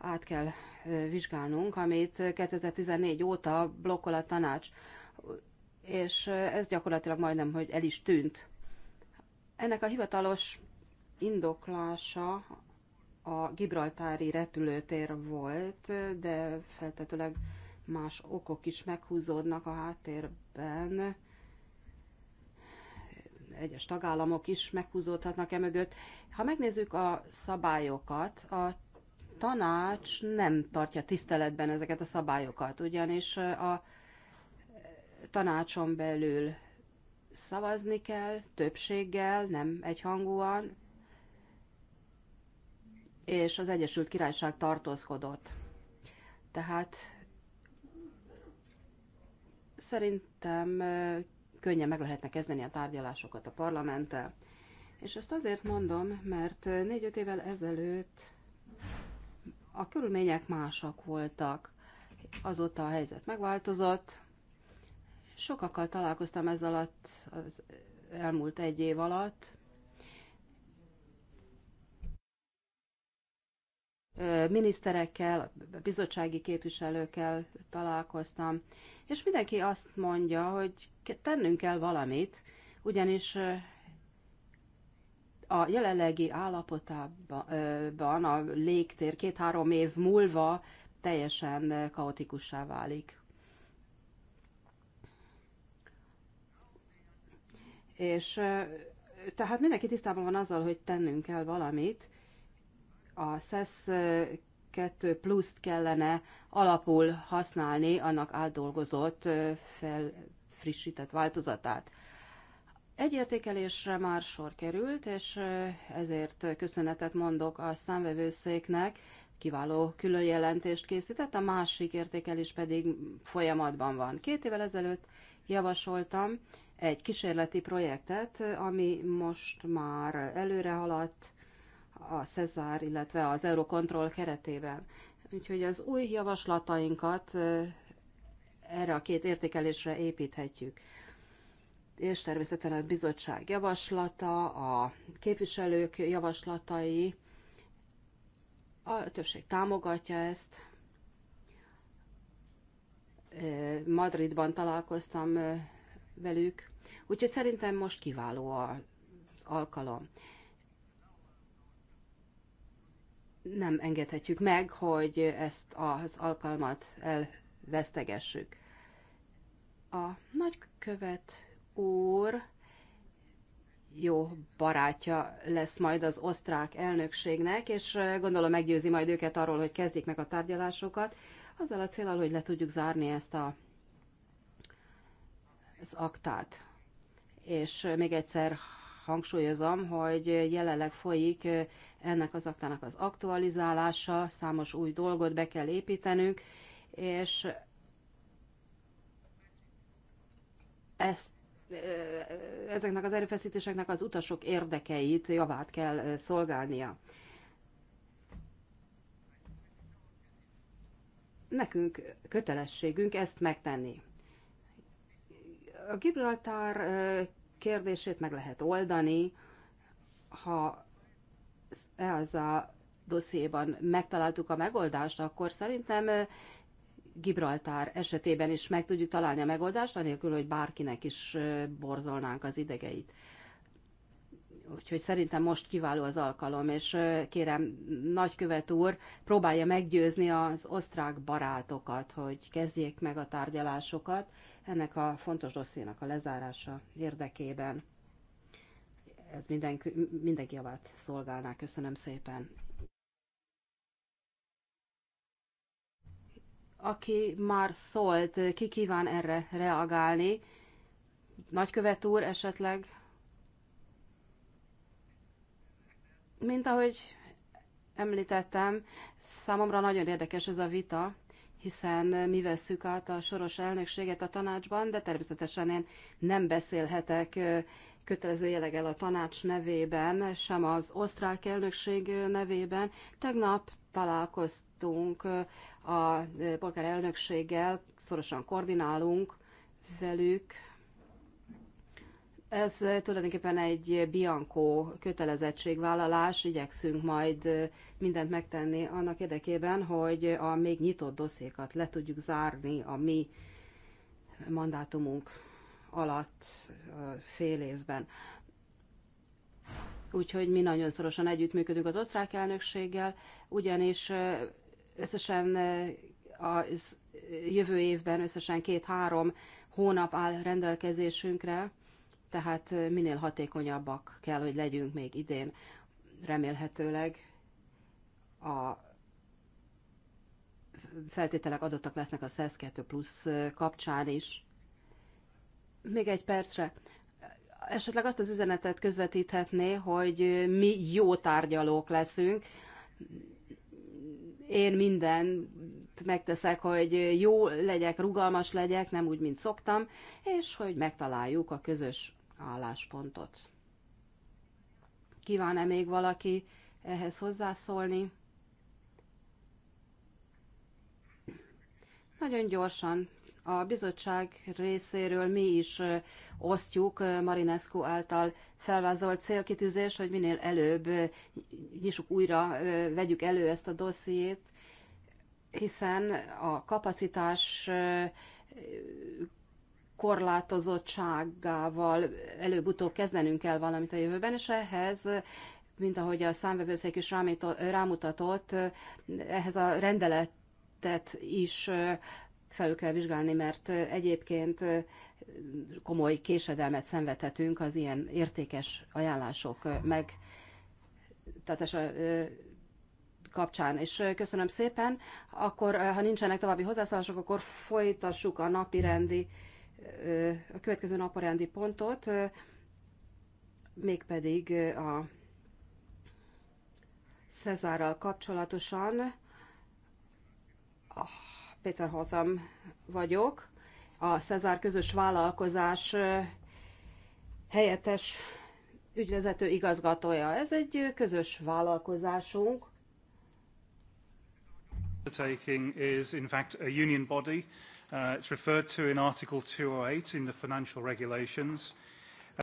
át kell vizsgálnunk, amit 2014 óta blokkol a tanács, és ez gyakorlatilag majdnem, hogy el is tűnt. Ennek a hivatalos indoklása a Gibraltári repülőtér volt, de feltetőleg más okok is meghúzódnak a háttérben. Egyes tagállamok is meghúzódhatnak e mögött. Ha megnézzük a szabályokat, a tanács nem tartja tiszteletben ezeket a szabályokat, ugyanis a tanácson belül szavazni kell, többséggel, nem egyhangúan, és az Egyesült Királyság tartózkodott. Tehát szerintem könnyen meg lehetne kezdeni a tárgyalásokat a parlamenttel. És ezt azért mondom, mert négy-öt évvel ezelőtt a körülmények másak voltak. Azóta a helyzet megváltozott. Sokakkal találkoztam ez alatt, az elmúlt egy év alatt. Miniszterekkel, bizottsági képviselőkkel találkoztam, és mindenki azt mondja, hogy tennünk kell valamit, ugyanis a jelenlegi állapotában a légtér két-három év múlva teljesen kaotikussá válik. És tehát mindenki tisztában van azzal, hogy tennünk kell valamit. A SESZ 2 pluszt kellene alapul használni annak átdolgozott, felfrissített változatát. Egy értékelésre már sor került, és ezért köszönetet mondok a számvevőszéknek, kiváló különjelentést készített, a másik értékelés pedig folyamatban van. Két évvel ezelőtt javasoltam egy kísérleti projektet, ami most már előre haladt a Cezár, illetve az Eurocontrol keretében. Úgyhogy az új javaslatainkat erre a két értékelésre építhetjük és természetesen a bizottság javaslata, a képviselők javaslatai, a többség támogatja ezt. Madridban találkoztam velük, úgyhogy szerintem most kiváló az alkalom. Nem engedhetjük meg, hogy ezt az alkalmat elvesztegessük. A nagykövet úr jó barátja lesz majd az osztrák elnökségnek, és gondolom meggyőzi majd őket arról, hogy kezdjék meg a tárgyalásokat, azzal a célral, hogy le tudjuk zárni ezt a, az aktát. És még egyszer hangsúlyozom, hogy jelenleg folyik ennek az aktának az aktualizálása, számos új dolgot be kell építenünk, és ezt ezeknek az erőfeszítéseknek az utasok érdekeit, javát kell szolgálnia. Nekünk kötelességünk ezt megtenni. A Gibraltár kérdését meg lehet oldani, ha ez a dossziéban megtaláltuk a megoldást, akkor szerintem Gibraltár esetében is meg tudjuk találni a megoldást, anélkül, hogy bárkinek is borzolnánk az idegeit. Úgyhogy szerintem most kiváló az alkalom, és kérem, nagykövet úr, próbálja meggyőzni az osztrák barátokat, hogy kezdjék meg a tárgyalásokat ennek a fontos dosszénak a lezárása érdekében. Ez minden, mindenki javát szolgálná. Köszönöm szépen. aki már szólt, ki kíván erre reagálni? Nagykövet úr esetleg? Mint ahogy említettem, számomra nagyon érdekes ez a vita, hiszen mi veszük át a soros elnökséget a tanácsban, de természetesen én nem beszélhetek kötelező jeleggel a tanács nevében, sem az osztrák elnökség nevében. Tegnap találkoztunk a polgár elnökséggel, szorosan koordinálunk velük. Ez tulajdonképpen egy bianco kötelezettségvállalás, igyekszünk majd mindent megtenni annak érdekében, hogy a még nyitott doszékat le tudjuk zárni a mi mandátumunk alatt fél évben úgyhogy mi nagyon szorosan együttműködünk az osztrák elnökséggel, ugyanis összesen a jövő évben összesen két-három hónap áll rendelkezésünkre, tehát minél hatékonyabbak kell, hogy legyünk még idén. Remélhetőleg a feltételek adottak lesznek a SES 2 plusz kapcsán is. Még egy percre esetleg azt az üzenetet közvetíthetné, hogy mi jó tárgyalók leszünk. Én mindent megteszek, hogy jó legyek, rugalmas legyek, nem úgy, mint szoktam, és hogy megtaláljuk a közös álláspontot. Kíván-e még valaki ehhez hozzászólni? Nagyon gyorsan a bizottság részéről mi is osztjuk Marinescu által felvázolt célkitűzés, hogy minél előbb nyissuk újra, vegyük elő ezt a dossziét, hiszen a kapacitás korlátozottságával előbb-utóbb kezdenünk kell valamit a jövőben, és ehhez mint ahogy a számvevőszék is rámutatott, ehhez a rendeletet is felül kell vizsgálni, mert egyébként komoly késedelmet szenvedhetünk az ilyen értékes ajánlások meg tehát kapcsán. És köszönöm szépen. Akkor, ha nincsenek további hozzászólások, akkor folytassuk a napi rendi, a következő napi rendi pontot, mégpedig a Cezárral kapcsolatosan. Oh Peter Hotham vagyok, a Cezár közös vállalkozás helyettes ügyvezető igazgatója. Ez egy közös vállalkozásunk. Taking is in fact a union body. Uh, it's referred to in Article 208 in the financial regulations.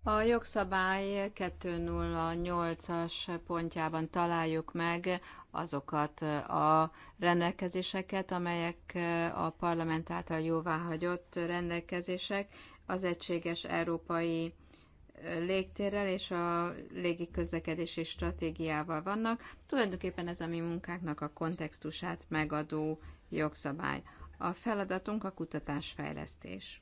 A jogszabály 208-as pontjában találjuk meg azokat a rendelkezéseket, amelyek a parlament által jóváhagyott rendelkezések az egységes európai légtérrel és a légi közlekedési stratégiával vannak. Tulajdonképpen ez a mi munkáknak a kontextusát megadó jogszabály. A feladatunk a kutatásfejlesztés.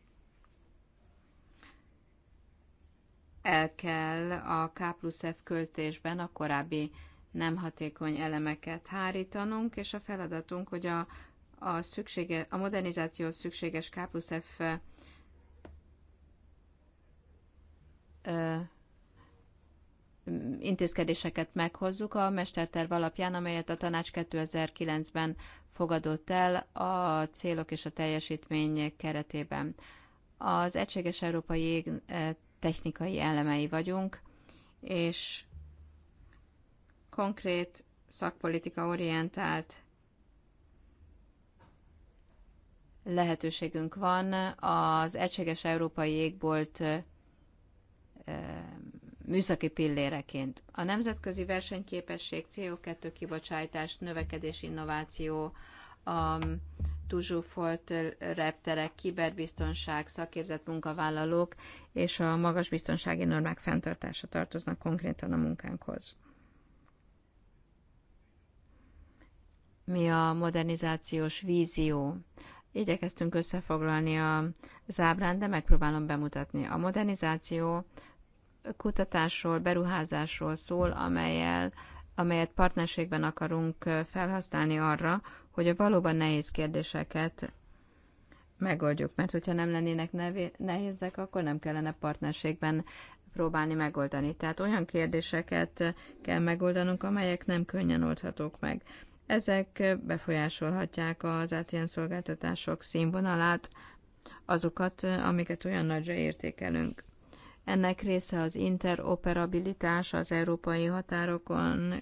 el kell a K plusz F költésben a korábbi nem hatékony elemeket hárítanunk, és a feladatunk, hogy a, a, szüksége, a modernizáció szükséges K plusz F ö, intézkedéseket meghozzuk a mesterterv alapján, amelyet a tanács 2009-ben fogadott el a célok és a teljesítmény keretében. Az Egységes Európai Ég eh, technikai elemei vagyunk, és konkrét szakpolitika orientált lehetőségünk van az egységes európai égbolt műszaki pilléreként. A nemzetközi versenyképesség, CO2 kibocsátás, növekedés, innováció, a túlzsúfolt repterek, kiberbiztonság, szakképzett munkavállalók és a magas biztonsági normák fenntartása tartoznak konkrétan a munkánkhoz. Mi a modernizációs vízió? Igyekeztünk összefoglalni a zábrán, de megpróbálom bemutatni. A modernizáció kutatásról, beruházásról szól, amelyel, amelyet partnerségben akarunk felhasználni arra, hogy a valóban nehéz kérdéseket megoldjuk, mert hogyha nem lennének nehézek, akkor nem kellene partnerségben próbálni megoldani. Tehát olyan kérdéseket kell megoldanunk, amelyek nem könnyen oldhatók meg. Ezek befolyásolhatják az ATN szolgáltatások színvonalát, azokat, amiket olyan nagyra értékelünk. Ennek része az interoperabilitás az európai határokon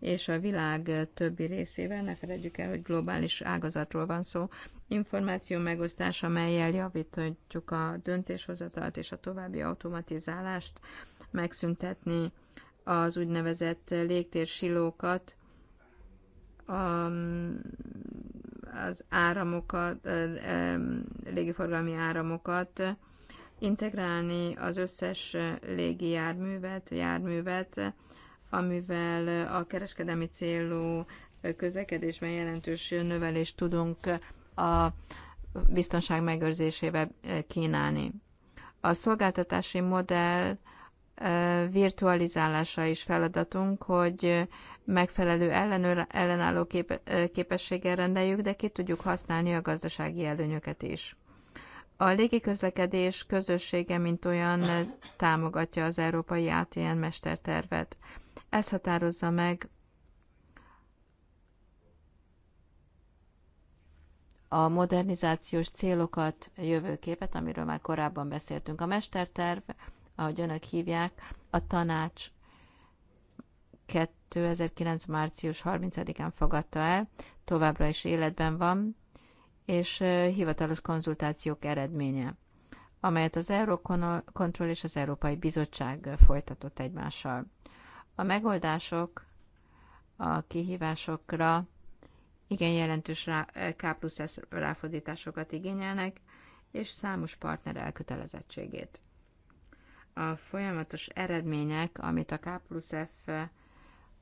és a világ többi részével. Ne felejtjük el, hogy globális ágazatról van szó. Információ megosztás, amelyel javítjuk a döntéshozatalt és a további automatizálást, megszüntetni az úgynevezett légtérsilókat, a, az áramokat, légiforgalmi áramokat, integrálni az összes légi járművet, járművet amivel a kereskedelmi célú közlekedésben jelentős növelést tudunk a biztonság megőrzésével kínálni. A szolgáltatási modell virtualizálása is feladatunk, hogy megfelelő ellenőr, ellenálló kép, képességgel rendeljük, de ki tudjuk használni a gazdasági előnyöket is. A légiközlekedés közössége, mint olyan, támogatja az európai ATN mestertervet. Ez határozza meg a modernizációs célokat, jövőképet, amiről már korábban beszéltünk. A mesterterv, ahogy önök hívják, a tanács 2009. március 30-án fogadta el, továbbra is életben van, és hivatalos konzultációk eredménye, amelyet az Eurocontrol és az Európai Bizottság folytatott egymással. A megoldások a kihívásokra igen jelentős K plusz ráfordításokat igényelnek, és számos partner elkötelezettségét. A folyamatos eredmények, amit a K plusz F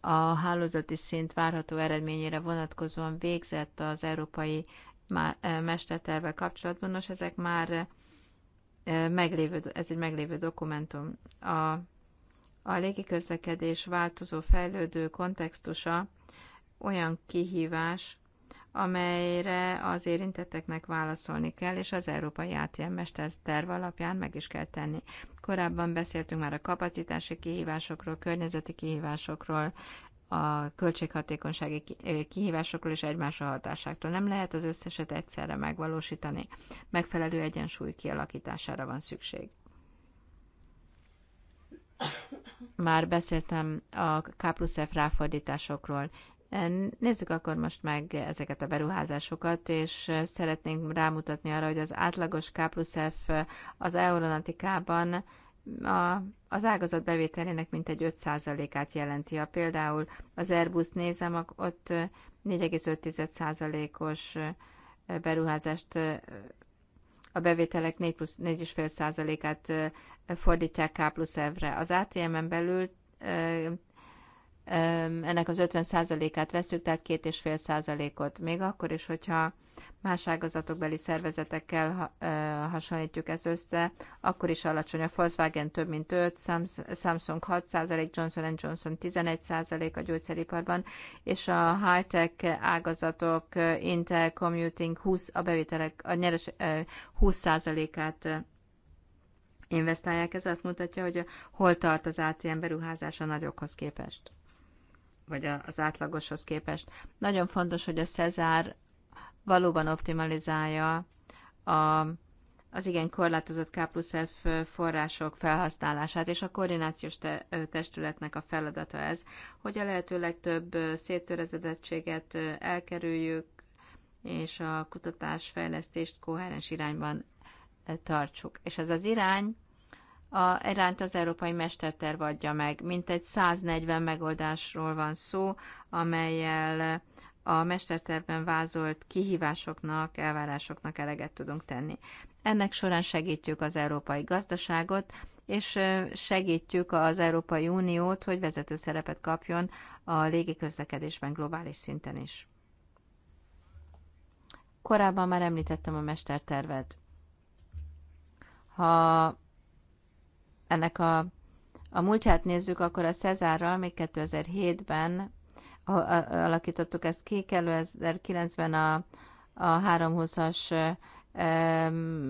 a hálózati szint várható eredményére vonatkozóan végzett az európai mestertervel kapcsolatban, nos, ezek már meglévő, ez egy meglévő dokumentum. A a légiközlekedés változó fejlődő kontextusa olyan kihívás, amelyre az érintetteknek válaszolni kell, és az Európai ATMS terv alapján meg is kell tenni. Korábban beszéltünk már a kapacitási kihívásokról, környezeti kihívásokról, a költséghatékonysági kihívásokról és egymásra hatásáktól. Nem lehet az összeset egyszerre megvalósítani. Megfelelő egyensúly kialakítására van szükség. Már beszéltem a K plusz F ráfordításokról. E, nézzük akkor most meg ezeket a beruházásokat, és e, szeretnénk rámutatni arra, hogy az átlagos K plusz F e, az euronatikában a, az ágazat bevételének mintegy 5%-át jelenti. A például az Airbus nézem, ott 4,5%-os beruházást a bevételek 4 plusz 4,5%-át fordítják K plusz F-re. Az ATM-en belül ennek az 50%-át veszük, tehát 2,5%-ot. Még akkor is, hogyha más ágazatokbeli szervezetekkel hasonlítjuk ezt össze, akkor is alacsony. A Volkswagen több mint 5, Samsung 6%, Johnson Johnson 11% a gyógyszeriparban, és a high-tech ágazatok, Intel, Commuting 20, a bevételek, a nyeres 20%-át investálják, ez azt mutatja, hogy hol tart az ACM beruházás a nagyokhoz képest, vagy az átlagoshoz képest. Nagyon fontos, hogy a Cezár valóban optimalizálja a, az igen korlátozott K plusz F források felhasználását, és a koordinációs te, testületnek a feladata ez, hogy a lehető legtöbb széttörezedettséget elkerüljük, és a kutatásfejlesztést koherens irányban tartsuk. És ez az irány, a, iránt az Európai Mesterterv adja meg. Mintegy 140 megoldásról van szó, amelyel a mestertervben vázolt kihívásoknak, elvárásoknak eleget tudunk tenni. Ennek során segítjük az európai gazdaságot, és segítjük az Európai Uniót, hogy vezető szerepet kapjon a légiközlekedésben globális szinten is. Korábban már említettem a mestertervet ha ennek a, a múltját nézzük, akkor a Cezárral még 2007-ben alakítottuk ezt ki, 2009-ben a, a 320-as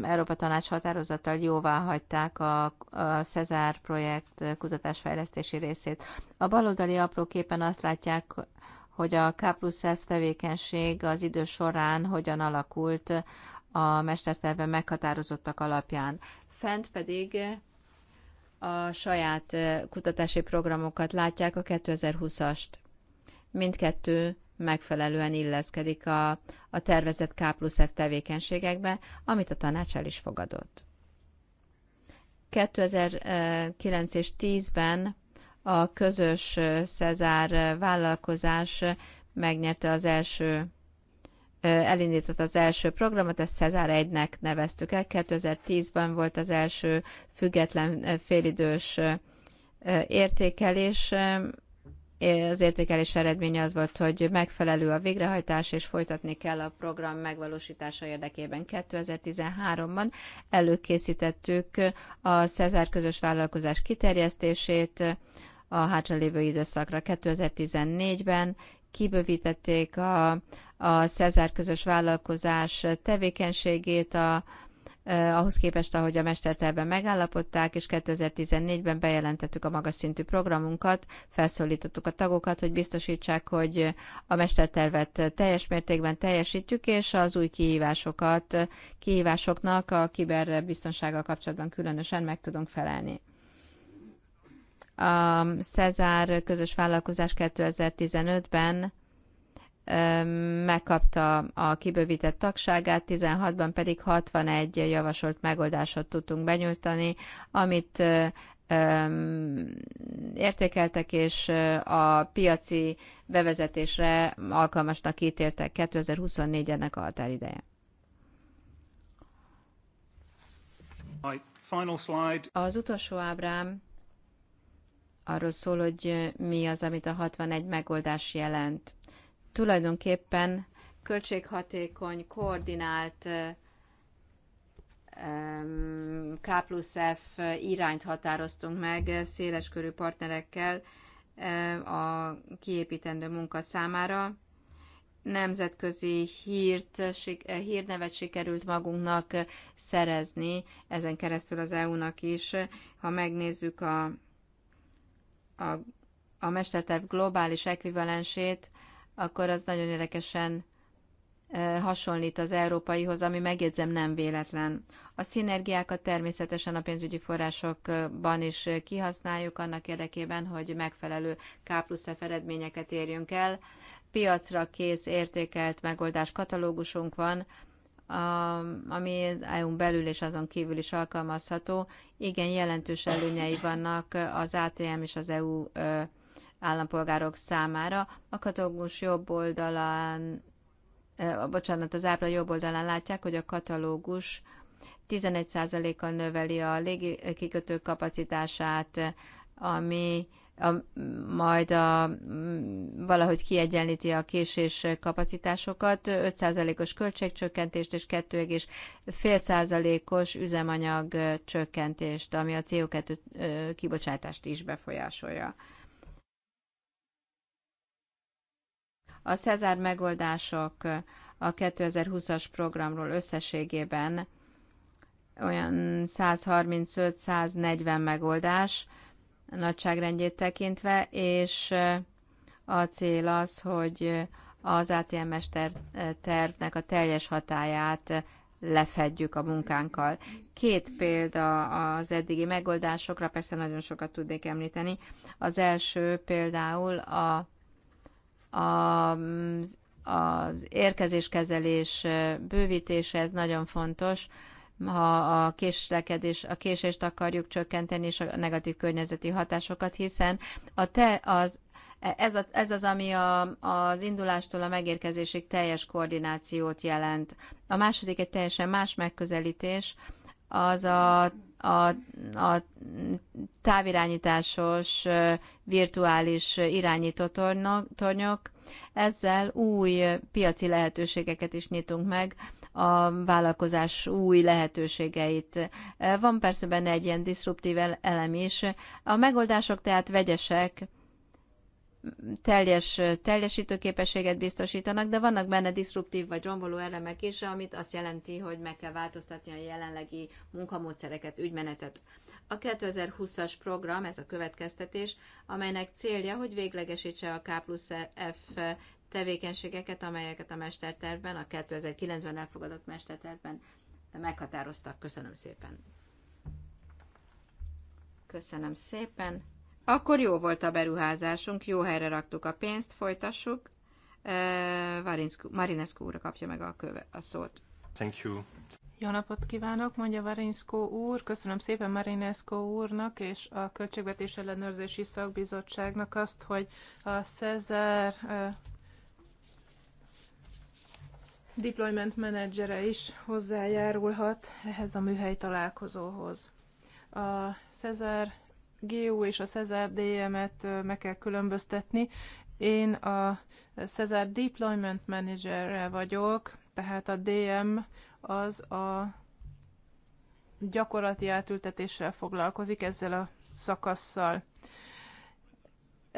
Európa Tanács határozattal jóvá hagyták a, a Cezár projekt kutatásfejlesztési részét. A baloldali apró képen azt látják, hogy a K plusz F tevékenység az idő során hogyan alakult a mesterterve meghatározottak alapján. Fent pedig a saját kutatási programokat látják, a 2020-ast. Mindkettő megfelelően illeszkedik a, a tervezett K plusz F tevékenységekbe, amit a tanács el is fogadott. 2009 és 10-ben a közös Cezár vállalkozás megnyerte az első elindított az első programot, ezt Cezár 1-nek neveztük el. 2010-ben volt az első független félidős értékelés. Az értékelés eredménye az volt, hogy megfelelő a végrehajtás, és folytatni kell a program megvalósítása érdekében. 2013-ban előkészítettük a Cezár közös vállalkozás kiterjesztését, a hátralévő időszakra. 2014-ben kibővítették a, a Cezár közös vállalkozás tevékenységét a, e, ahhoz képest, ahogy a mesterterben megállapodták, és 2014-ben bejelentettük a magas szintű programunkat, felszólítottuk a tagokat, hogy biztosítsák, hogy a mestertervet teljes mértékben teljesítjük, és az új kihívásokat, kihívásoknak a kiberbiztonsággal kapcsolatban különösen meg tudunk felelni. A Cezár közös vállalkozás 2015-ben megkapta a kibővített tagságát, 16-ban pedig 61 javasolt megoldásot tudtunk benyújtani, amit értékeltek, és a piaci bevezetésre alkalmasnak ítéltek 2024 ennek a határideje. Az utolsó ábrám arról szól, hogy mi az, amit a 61 megoldás jelent. Tulajdonképpen költséghatékony, koordinált K plusz F irányt határoztunk meg széleskörű partnerekkel a kiépítendő munka számára. Nemzetközi hírt, eh, hírnevet sikerült magunknak szerezni, ezen keresztül az EU-nak is. Ha megnézzük a a, a mesterterv globális ekvivalensét, akkor az nagyon érdekesen hasonlít az európaihoz, ami megjegyzem nem véletlen. A szinergiákat természetesen a pénzügyi forrásokban is kihasználjuk annak érdekében, hogy megfelelő K plusz F eredményeket érjünk el. Piacra kész értékelt megoldás katalógusunk van, a, ami EU-n belül és azon kívül is alkalmazható, igen jelentős előnyei vannak az ATM és az EU állampolgárok számára. A katalógus jobb oldalán, bocsánat, az ábra jobb oldalán látják, hogy a katalógus 11%-kal növeli a légi kapacitását, ami a, majd a, valahogy kiegyenlíti a késés kapacitásokat, 5%-os költségcsökkentést és 2,5%-os üzemanyag csökkentést, ami a CO2 kibocsátást is befolyásolja. A Cezár megoldások a 2020-as programról összességében olyan 135-140 megoldás, nagyságrendjét tekintve, és a cél az, hogy az ATMS tervnek a teljes hatáját lefedjük a munkánkkal. Két példa az eddigi megoldásokra, persze nagyon sokat tudnék említeni. Az első például a, a, az érkezéskezelés bővítése, ez nagyon fontos ha a késlekedés, a késést akarjuk csökkenteni, és a negatív környezeti hatásokat, hiszen a te az ez, a, ez az, ami a, az indulástól a megérkezésig teljes koordinációt jelent. A második egy teljesen más megközelítés, az a, a, a távirányításos virtuális irányító tornyok. Ezzel új piaci lehetőségeket is nyitunk meg, a vállalkozás új lehetőségeit. Eh, van persze benne egy ilyen diszruptív elem is. A megoldások tehát vegyesek, teljes teljesítőképességet biztosítanak, de vannak benne diszruptív vagy romboló elemek is, amit azt jelenti, hogy meg kell változtatni a jelenlegi munkamódszereket, ügymenetet. A 2020-as program, ez a következtetés, amelynek célja, hogy véglegesítse a K plusz e F tevékenységeket, amelyeket a mestertervben, a 2009-ben elfogadott mestertervben meghatároztak. Köszönöm szépen. Köszönöm szépen. Akkor jó volt a beruházásunk, jó helyre raktuk a pénzt, folytassuk. Marinescu úr kapja meg a, köve, a szót. Thank you. Jó napot kívánok, mondja Varinszkó úr. Köszönöm szépen Marinescu úrnak és a Költségvetés Ellenőrzési Szakbizottságnak azt, hogy a Cezár deployment menedzsere is hozzájárulhat ehhez a műhely találkozóhoz. A Cezár GU és a Cezár DM-et meg kell különböztetni. Én a Cezár Deployment Manager vagyok, tehát a DM az a gyakorlati átültetéssel foglalkozik ezzel a szakasszal.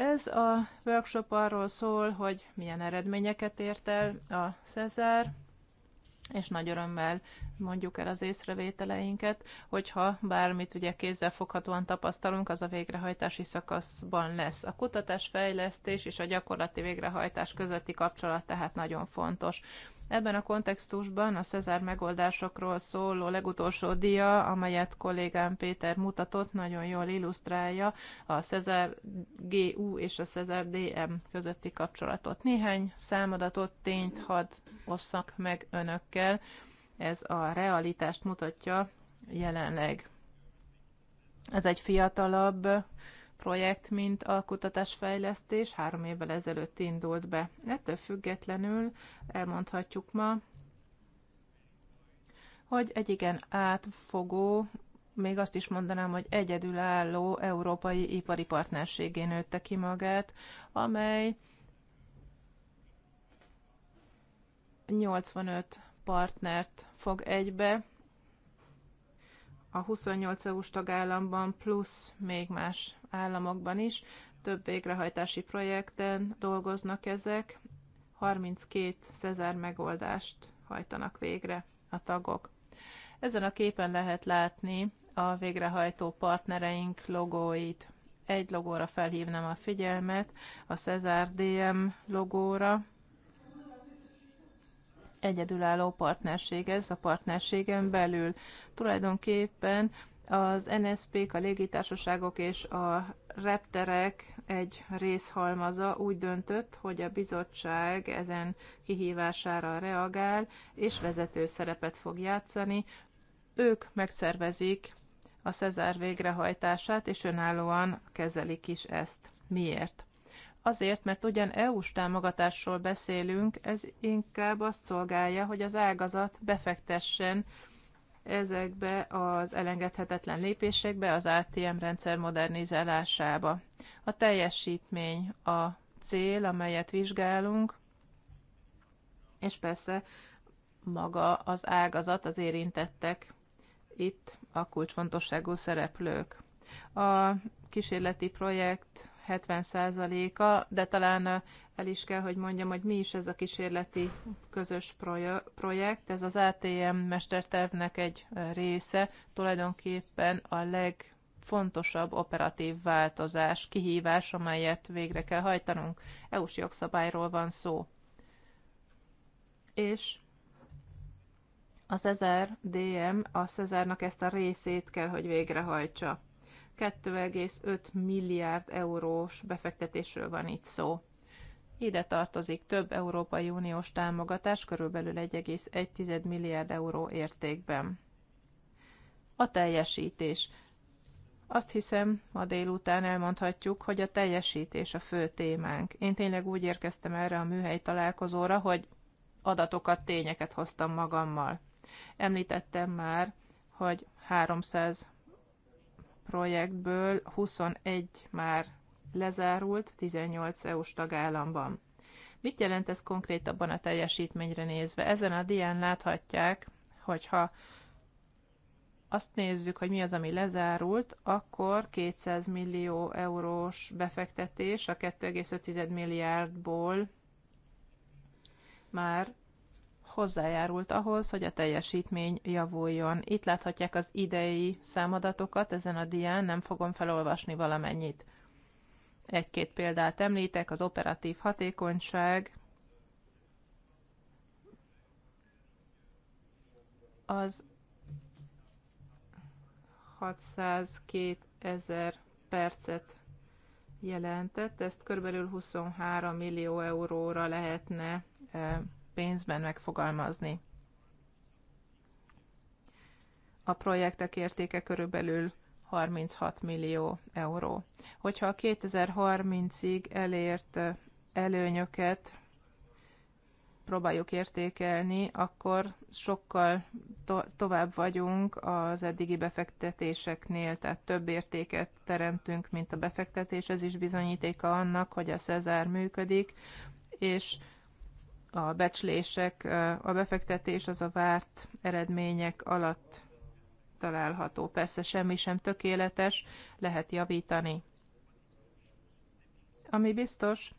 Ez a workshop arról szól, hogy milyen eredményeket ért el a Cezár, és nagy örömmel mondjuk el az észrevételeinket, hogyha bármit ugye foghatóan tapasztalunk, az a végrehajtási szakaszban lesz. A kutatás, fejlesztés és a gyakorlati végrehajtás közötti kapcsolat tehát nagyon fontos. Ebben a kontextusban a Cezár megoldásokról szóló legutolsó dia, amelyet kollégám Péter mutatott, nagyon jól illusztrálja a Cezár GU és a Cezár DM közötti kapcsolatot. Néhány számadatot, tényt hadd osszak meg önökkel. Ez a realitást mutatja jelenleg. Ez egy fiatalabb projekt, mint a kutatásfejlesztés három évvel ezelőtt indult be. Ettől függetlenül elmondhatjuk ma, hogy egy igen átfogó, még azt is mondanám, hogy egyedülálló európai ipari partnerségé nőtte ki magát, amely 85 partnert fog egybe, a 28 EU-s tagállamban, plusz még más államokban is. Több végrehajtási projekten dolgoznak ezek, 32 Cezár megoldást hajtanak végre a tagok. Ezen a képen lehet látni a végrehajtó partnereink logóit. Egy logóra felhívnám a figyelmet, a Cezár DM logóra, egyedülálló partnerség ez a partnerségen belül. Tulajdonképpen az NSP, a légitársaságok és a repterek egy részhalmaza úgy döntött, hogy a bizottság ezen kihívására reagál, és vezető szerepet fog játszani. Ők megszervezik a Cezár végrehajtását, és önállóan kezelik is ezt. Miért? Azért, mert ugyan EU-s támogatásról beszélünk, ez inkább azt szolgálja, hogy az ágazat befektessen ezekbe az elengedhetetlen lépésekbe, az ATM rendszer modernizálásába. A teljesítmény a cél, amelyet vizsgálunk, és persze maga az ágazat, az érintettek itt a kulcsfontosságú szereplők. A kísérleti projekt 70%-a, de talán el is kell, hogy mondjam, hogy mi is ez a kísérleti közös projekt. Ez az ATM mestertervnek egy része, tulajdonképpen a legfontosabb operatív változás, kihívás, amelyet végre kell hajtanunk. EU-s jogszabályról van szó. És a Cezár DM a Cezárnak ezt a részét kell, hogy végrehajtsa. 2,5 milliárd eurós befektetésről van itt szó. Ide tartozik több Európai Uniós támogatás, körülbelül 1,1 milliárd euró értékben. A teljesítés. Azt hiszem, ma délután elmondhatjuk, hogy a teljesítés a fő témánk. Én tényleg úgy érkeztem erre a műhely találkozóra, hogy adatokat, tényeket hoztam magammal. Említettem már, hogy 300 projektből 21 már lezárult 18 EU-s tagállamban. Mit jelent ez konkrétabban a teljesítményre nézve? Ezen a dián láthatják, hogyha azt nézzük, hogy mi az, ami lezárult, akkor 200 millió eurós befektetés a 2,5 milliárdból már hozzájárult ahhoz, hogy a teljesítmény javuljon. Itt láthatják az idei számadatokat, ezen a dián nem fogom felolvasni valamennyit. Egy-két példát említek, az operatív hatékonyság, az 602 ezer percet jelentett, ezt körülbelül 23 millió euróra lehetne eh, pénzben megfogalmazni. A projektek értéke körülbelül 36 millió euró. Hogyha a 2030-ig elért előnyöket próbáljuk értékelni, akkor sokkal to- tovább vagyunk az eddigi befektetéseknél, tehát több értéket teremtünk, mint a befektetés. Ez is bizonyítéka annak, hogy a Cezár működik, és a becslések, a befektetés az a várt eredmények alatt található. Persze semmi sem tökéletes, lehet javítani. Ami biztos,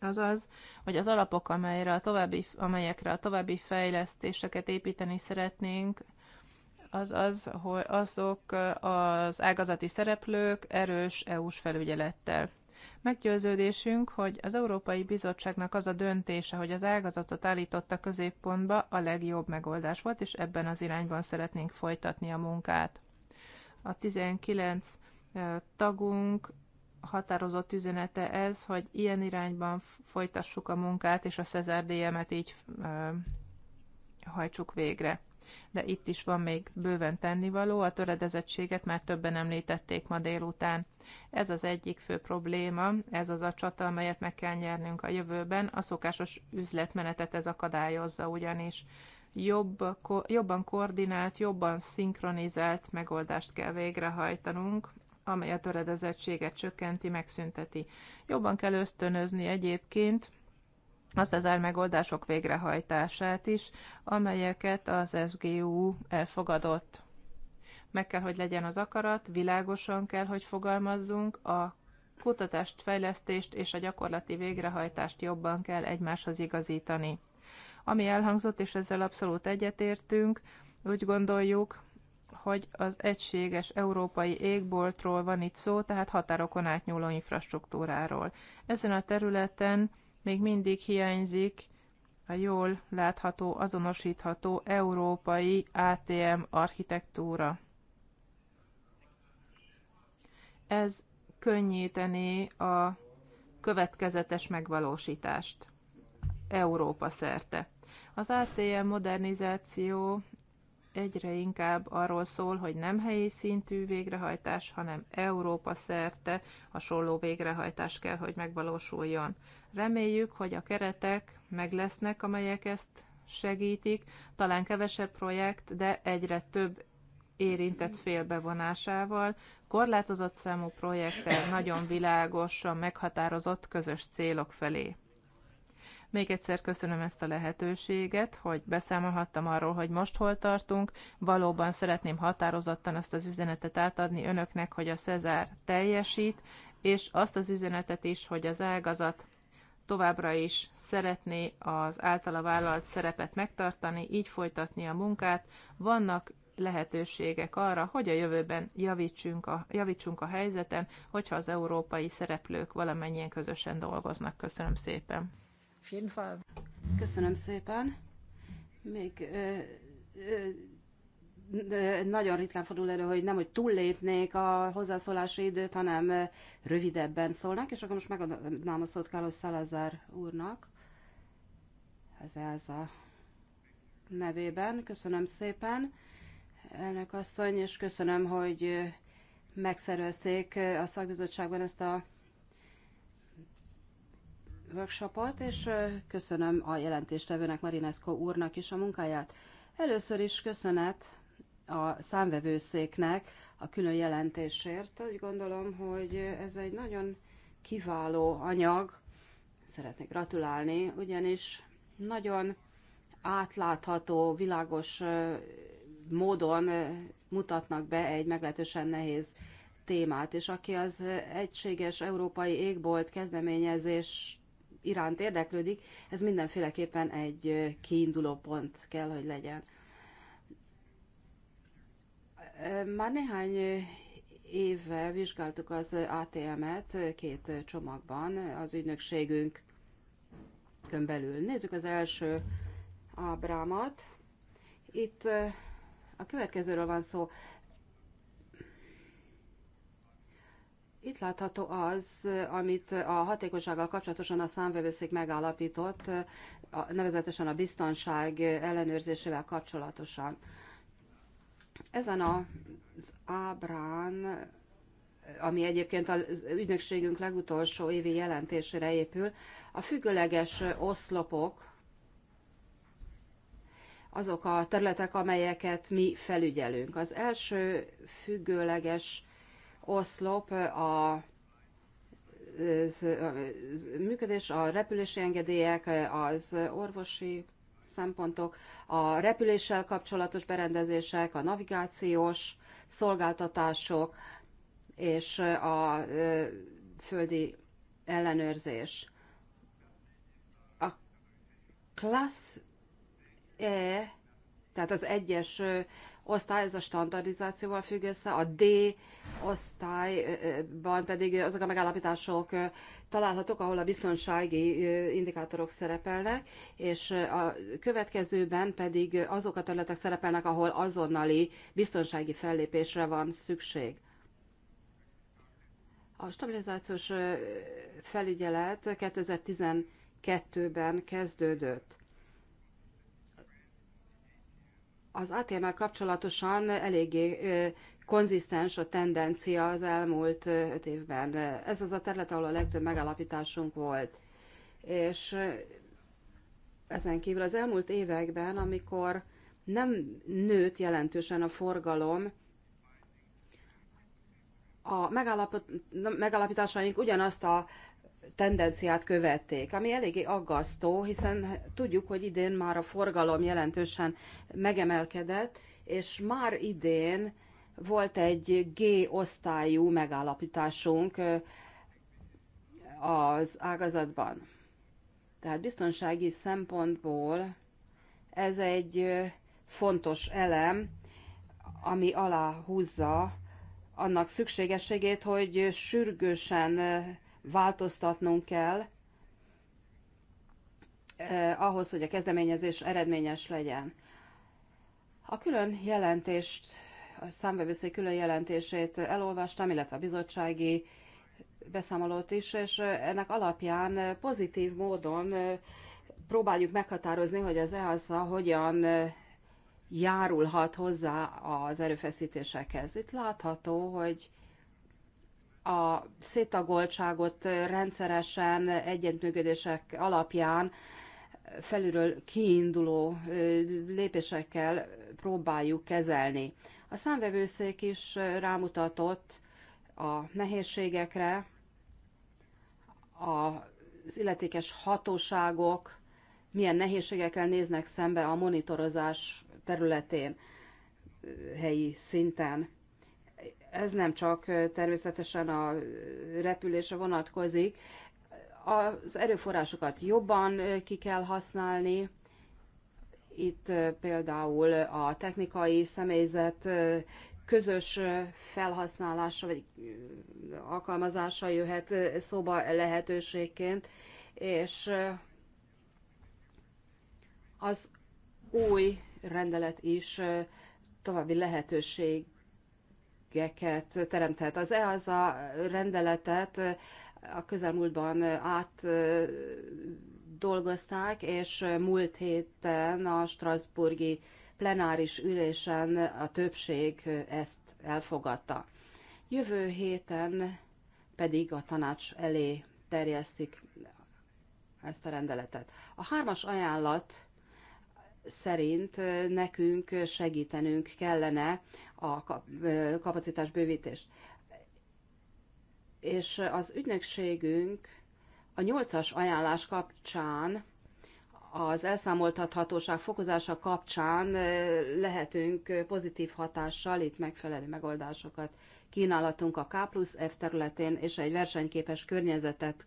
az az, hogy az alapok, amelyre a további, amelyekre a további fejlesztéseket építeni szeretnénk, az az, hogy azok az ágazati szereplők erős EU-s felügyelettel. Meggyőződésünk, hogy az Európai Bizottságnak az a döntése, hogy az ágazatot állította középpontba, a legjobb megoldás volt, és ebben az irányban szeretnénk folytatni a munkát. A 19 tagunk határozott üzenete ez, hogy ilyen irányban folytassuk a munkát, és a Cezár DM-et így hajtsuk végre de itt is van még bőven tennivaló, a töredezettséget már többen említették ma délután. Ez az egyik fő probléma, ez az a csata, amelyet meg kell nyernünk a jövőben, a szokásos üzletmenetet ez akadályozza ugyanis. Jobb, ko, jobban koordinált, jobban szinkronizált megoldást kell végrehajtanunk, amely a töredezettséget csökkenti, megszünteti. Jobban kell ösztönözni egyébként a Cezár megoldások végrehajtását is, amelyeket az SGU elfogadott. Meg kell, hogy legyen az akarat, világosan kell, hogy fogalmazzunk, a kutatást, fejlesztést és a gyakorlati végrehajtást jobban kell egymáshoz igazítani. Ami elhangzott, és ezzel abszolút egyetértünk, úgy gondoljuk, hogy az egységes európai égboltról van itt szó, tehát határokon átnyúló infrastruktúráról. Ezen a területen még mindig hiányzik a jól látható, azonosítható európai ATM architektúra. Ez könnyítené a következetes megvalósítást Európa szerte. Az ATM modernizáció egyre inkább arról szól, hogy nem helyi szintű végrehajtás, hanem Európa szerte hasonló végrehajtás kell, hogy megvalósuljon. Reméljük, hogy a keretek meg lesznek, amelyek ezt segítik, talán kevesebb projekt, de egyre több érintett fél bevonásával, korlátozott számú projekttel nagyon világosan meghatározott közös célok felé. Még egyszer köszönöm ezt a lehetőséget, hogy beszámolhattam arról, hogy most hol tartunk. Valóban szeretném határozottan azt az üzenetet átadni önöknek, hogy a Cezár teljesít, és azt az üzenetet is, hogy az ágazat továbbra is szeretné az általa vállalt szerepet megtartani, így folytatni a munkát. Vannak lehetőségek arra, hogy a jövőben javítsunk a, javítsunk a helyzeten, hogyha az európai szereplők valamennyien közösen dolgoznak. Köszönöm szépen! Auf jeden Fall. Köszönöm szépen. Még ö, ö, nagyon ritkán fordul elő, hogy nem, hogy túllépnék a hozzászólási időt, hanem rövidebben szólnak, és akkor most megadnám a szót Carlos Salazar úrnak. Ez, ez a nevében. Köszönöm szépen, elnök asszony, és köszönöm, hogy megszervezték a szakbizottságban ezt a workshopot, és köszönöm a jelentéstevőnek, Marinesco úrnak is a munkáját. Először is köszönet a számvevőszéknek a külön jelentésért. Úgy gondolom, hogy ez egy nagyon kiváló anyag. Szeretnék gratulálni, ugyanis nagyon átlátható, világos módon mutatnak be egy meglehetősen nehéz témát, és aki az egységes európai égbolt kezdeményezés iránt érdeklődik, ez mindenféleképpen egy kiinduló pont kell, hogy legyen. Már néhány éve vizsgáltuk az ATM-et két csomagban az ügynökségünk belül. Nézzük az első ábrámat. Itt a következőről van szó. Itt látható az, amit a hatékonysággal kapcsolatosan a számvevőszék megállapított, nevezetesen a biztonság ellenőrzésével kapcsolatosan. Ezen az ábrán, ami egyébként az ügynökségünk legutolsó évi jelentésére épül, a függőleges oszlopok, azok a területek, amelyeket mi felügyelünk. Az első függőleges oszlop a működés, a repülési engedélyek, az orvosi szempontok, a repüléssel kapcsolatos berendezések, a navigációs szolgáltatások és a földi ellenőrzés. A klassz E, tehát az egyes osztály, ez a standardizációval függ össze, a D osztályban pedig azok a megállapítások találhatók, ahol a biztonsági indikátorok szerepelnek, és a következőben pedig azok a területek szerepelnek, ahol azonnali biztonsági fellépésre van szükség. A stabilizációs felügyelet 2012-ben kezdődött. Az atm kapcsolatosan eléggé konzisztens a tendencia az elmúlt öt évben. Ez az a terület, ahol a legtöbb megalapításunk volt. És ezen kívül az elmúlt években, amikor nem nőtt jelentősen a forgalom, a megalapításaink ugyanazt a tendenciát követték, ami eléggé aggasztó, hiszen tudjuk, hogy idén már a forgalom jelentősen megemelkedett, és már idén volt egy G-osztályú megállapításunk az ágazatban. Tehát biztonsági szempontból ez egy fontos elem, ami alá húzza annak szükségességét, hogy sürgősen változtatnunk kell, eh, ahhoz, hogy a kezdeményezés eredményes legyen. A külön jelentést, a számbevőszék külön jelentését elolvastam, illetve a bizottsági beszámolót is, és eh, ennek alapján eh, pozitív módon eh, próbáljuk meghatározni, hogy az EASA hogyan járulhat hozzá az erőfeszítésekhez. Itt látható, hogy a szétagoltságot rendszeresen egyetműködések alapján felülről kiinduló lépésekkel próbáljuk kezelni. A számvevőszék is rámutatott a nehézségekre, az illetékes hatóságok milyen nehézségekkel néznek szembe a monitorozás területén, helyi szinten ez nem csak természetesen a repülésre vonatkozik, az erőforrásokat jobban ki kell használni, itt például a technikai személyzet közös felhasználása vagy alkalmazása jöhet szóba lehetőségként, és az új rendelet is további lehetőség összegeket teremthet. Az EASA rendeletet a közelmúltban át dolgozták, és múlt héten a Strasburgi plenáris ülésen a többség ezt elfogadta. Jövő héten pedig a tanács elé terjesztik ezt a rendeletet. A hármas ajánlat szerint nekünk segítenünk kellene a kapacitás bővítést. És az ügynökségünk a nyolcas ajánlás kapcsán, az elszámoltathatóság fokozása kapcsán lehetünk pozitív hatással, itt megfelelő megoldásokat kínálatunk a K plusz F területén, és egy versenyképes környezetet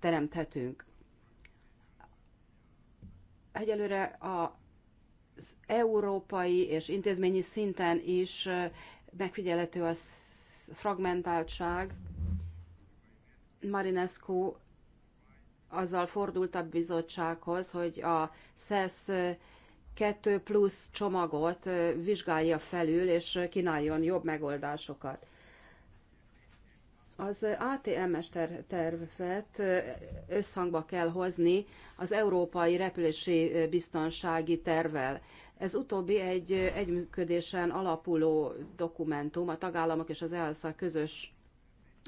teremthetünk egyelőre az európai és intézményi szinten is megfigyelhető a fragmentáltság. Marinescu azzal fordult a bizottsághoz, hogy a SESZ 2 plusz csomagot vizsgálja felül, és kínáljon jobb megoldásokat. Az ATM-mester tervet összhangba kell hozni az Európai Repülési Biztonsági Tervel. Ez utóbbi egy együttműködésen alapuló dokumentum, a tagállamok és az EASA közös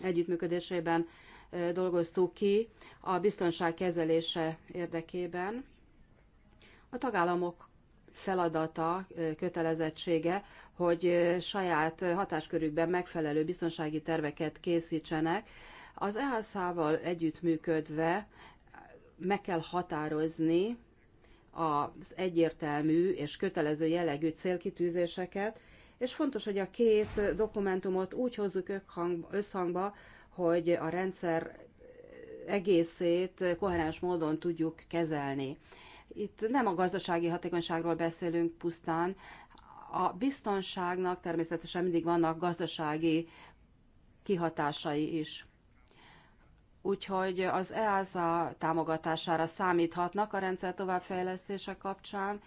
együttműködésében dolgoztuk ki a biztonság kezelése érdekében. A tagállamok feladata, kötelezettsége, hogy saját hatáskörükben megfelelő biztonsági terveket készítsenek. Az EASZ-val együttműködve meg kell határozni az egyértelmű és kötelező jellegű célkitűzéseket, és fontos, hogy a két dokumentumot úgy hozzuk összhangba, hogy a rendszer egészét koherens módon tudjuk kezelni. Itt nem a gazdasági hatékonyságról beszélünk pusztán, a biztonságnak természetesen mindig vannak gazdasági kihatásai is. Úgyhogy az EASA támogatására számíthatnak a rendszer továbbfejlesztése kapcsán,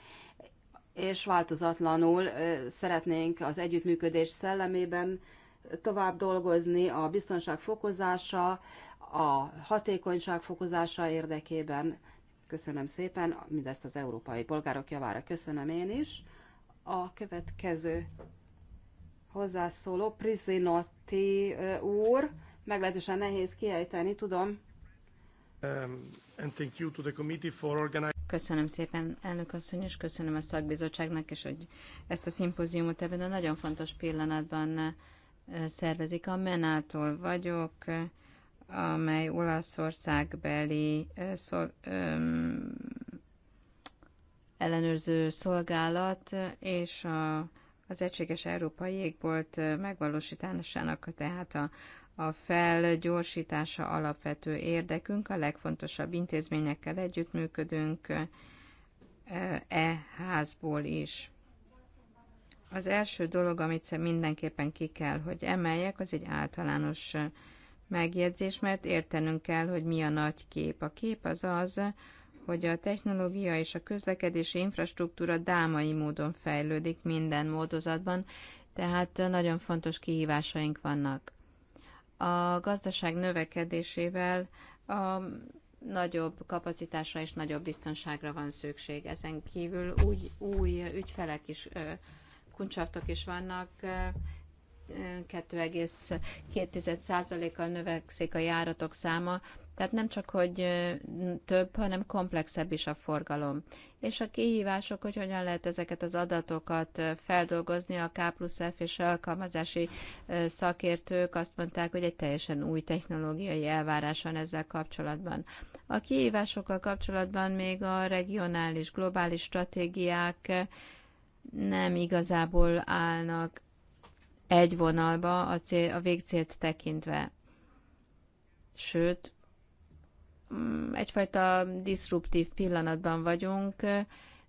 és változatlanul szeretnénk az együttműködés szellemében tovább dolgozni a biztonság fokozása, a hatékonyság fokozása érdekében. Köszönöm szépen, mindezt az európai polgárok javára köszönöm én is. A következő hozzászóló Prizinotti úr, meglehetősen nehéz kiejteni, tudom. Um, köszönöm szépen, elnök asszony, és köszönöm a szakbizottságnak, és hogy ezt a szimpóziumot ebben a nagyon fontos pillanatban szervezik. A Menától vagyok, amely Olaszország beli szol, öm, ellenőrző szolgálat és a, az Egységes Európai Égbolt megvalósításának tehát a, a felgyorsítása alapvető érdekünk, a legfontosabb intézményekkel együttműködünk e házból is. Az első dolog, amit mindenképpen ki kell, hogy emeljek, az egy általános megjegyzés, mert értenünk kell, hogy mi a nagy kép. A kép az az, hogy a technológia és a közlekedési infrastruktúra dámai módon fejlődik minden módozatban, tehát nagyon fontos kihívásaink vannak. A gazdaság növekedésével a nagyobb kapacitásra és nagyobb biztonságra van szükség. Ezen kívül úgy, új ügyfelek is, kuncsaftok is vannak, 2,2%-kal növekszik a járatok száma, tehát nem csak, hogy több, hanem komplexebb is a forgalom. És a kihívások, hogy hogyan lehet ezeket az adatokat feldolgozni, a K plusz F és alkalmazási szakértők azt mondták, hogy egy teljesen új technológiai elvárás van ezzel kapcsolatban. A kihívásokkal kapcsolatban még a regionális, globális stratégiák nem igazából állnak egy vonalba a, cél, a végcélt tekintve. Sőt, mm, egyfajta diszruptív pillanatban vagyunk,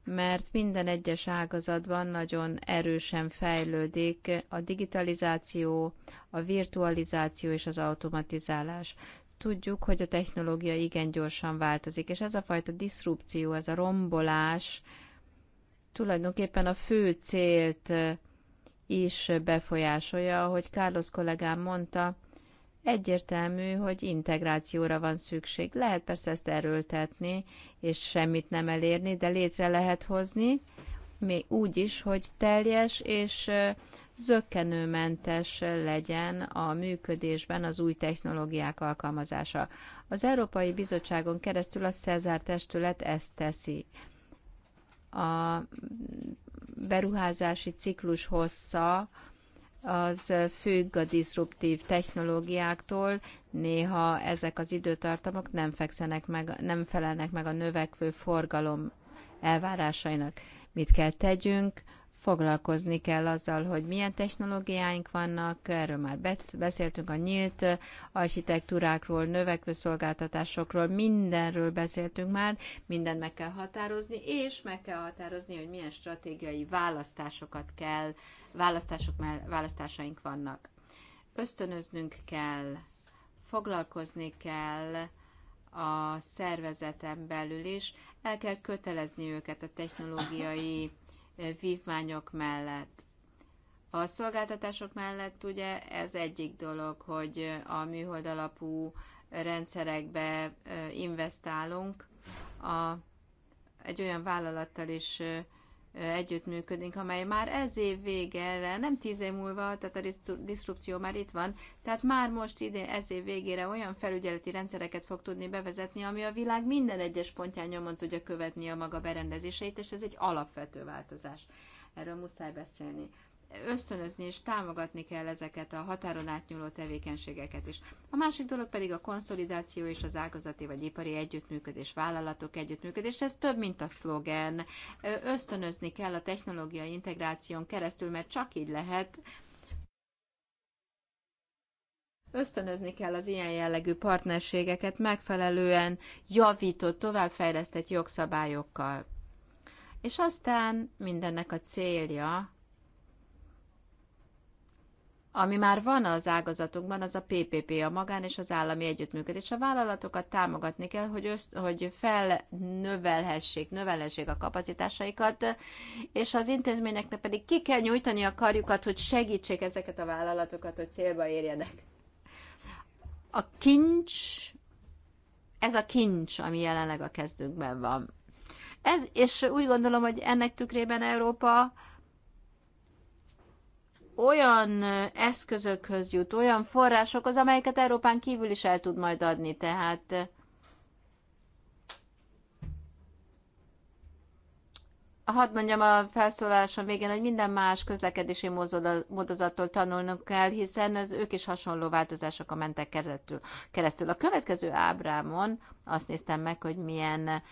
mert minden egyes ágazatban nagyon erősen fejlődik a digitalizáció, a virtualizáció és az automatizálás. Tudjuk, hogy a technológia igen gyorsan változik, és ez a fajta diszrupció, ez a rombolás tulajdonképpen a fő célt is befolyásolja, ahogy Carlos kollégám mondta, egyértelmű, hogy integrációra van szükség. Lehet persze ezt erőltetni, és semmit nem elérni, de létre lehet hozni, még úgy is, hogy teljes és zöggenőmentes legyen a működésben az új technológiák alkalmazása. Az Európai Bizottságon keresztül a Cezár testület ezt teszi a beruházási ciklus hossza az függ a diszruptív technológiáktól, néha ezek az időtartamok nem, fekszenek meg, nem felelnek meg a növekvő forgalom elvárásainak. Mit kell tegyünk? foglalkozni kell azzal, hogy milyen technológiáink vannak, erről már beszéltünk a nyílt architektúrákról, növekvő szolgáltatásokról, mindenről beszéltünk már, mindent meg kell határozni, és meg kell határozni, hogy milyen stratégiai választásokat kell, választások, választásaink vannak. Ösztönöznünk kell, foglalkozni kell, a szervezeten belül is, el kell kötelezni őket a technológiai vívmányok mellett. A szolgáltatások mellett ugye ez egyik dolog, hogy a műhold alapú rendszerekbe investálunk. A, egy olyan vállalattal is együttműködünk, amely már ez év végére, nem tíz év múlva, tehát a diszrupció már itt van, tehát már most ide, ez év végére olyan felügyeleti rendszereket fog tudni bevezetni, ami a világ minden egyes pontján nyomon tudja követni a maga berendezéseit, és ez egy alapvető változás. Erről muszáj beszélni ösztönözni és támogatni kell ezeket a határon átnyúló tevékenységeket is. A másik dolog pedig a konszolidáció és az ágazati vagy ipari együttműködés, vállalatok együttműködés. Ez több, mint a szlogen. Ösztönözni kell a technológiai integráción keresztül, mert csak így lehet ösztönözni kell az ilyen jellegű partnerségeket megfelelően javított, továbbfejlesztett jogszabályokkal. És aztán mindennek a célja, ami már van az ágazatunkban, az a PPP, a magán és az állami együttműködés. A vállalatokat támogatni kell, hogy, össz, hogy felnövelhessék, növelhessék a kapacitásaikat, és az intézményeknek pedig ki kell nyújtani a karjukat, hogy segítsék ezeket a vállalatokat, hogy célba érjenek. A kincs, ez a kincs, ami jelenleg a kezdünkben van. Ez, és úgy gondolom, hogy ennek tükrében Európa olyan eszközökhöz jut, olyan forrásokhoz, amelyeket Európán kívül is el tud majd adni. Tehát hadd mondjam a felszólalásom végén, hogy minden más közlekedési módozattól tanulnunk kell, hiszen az ők is hasonló a mentek keresztül. A következő ábrámon azt néztem meg, hogy milyen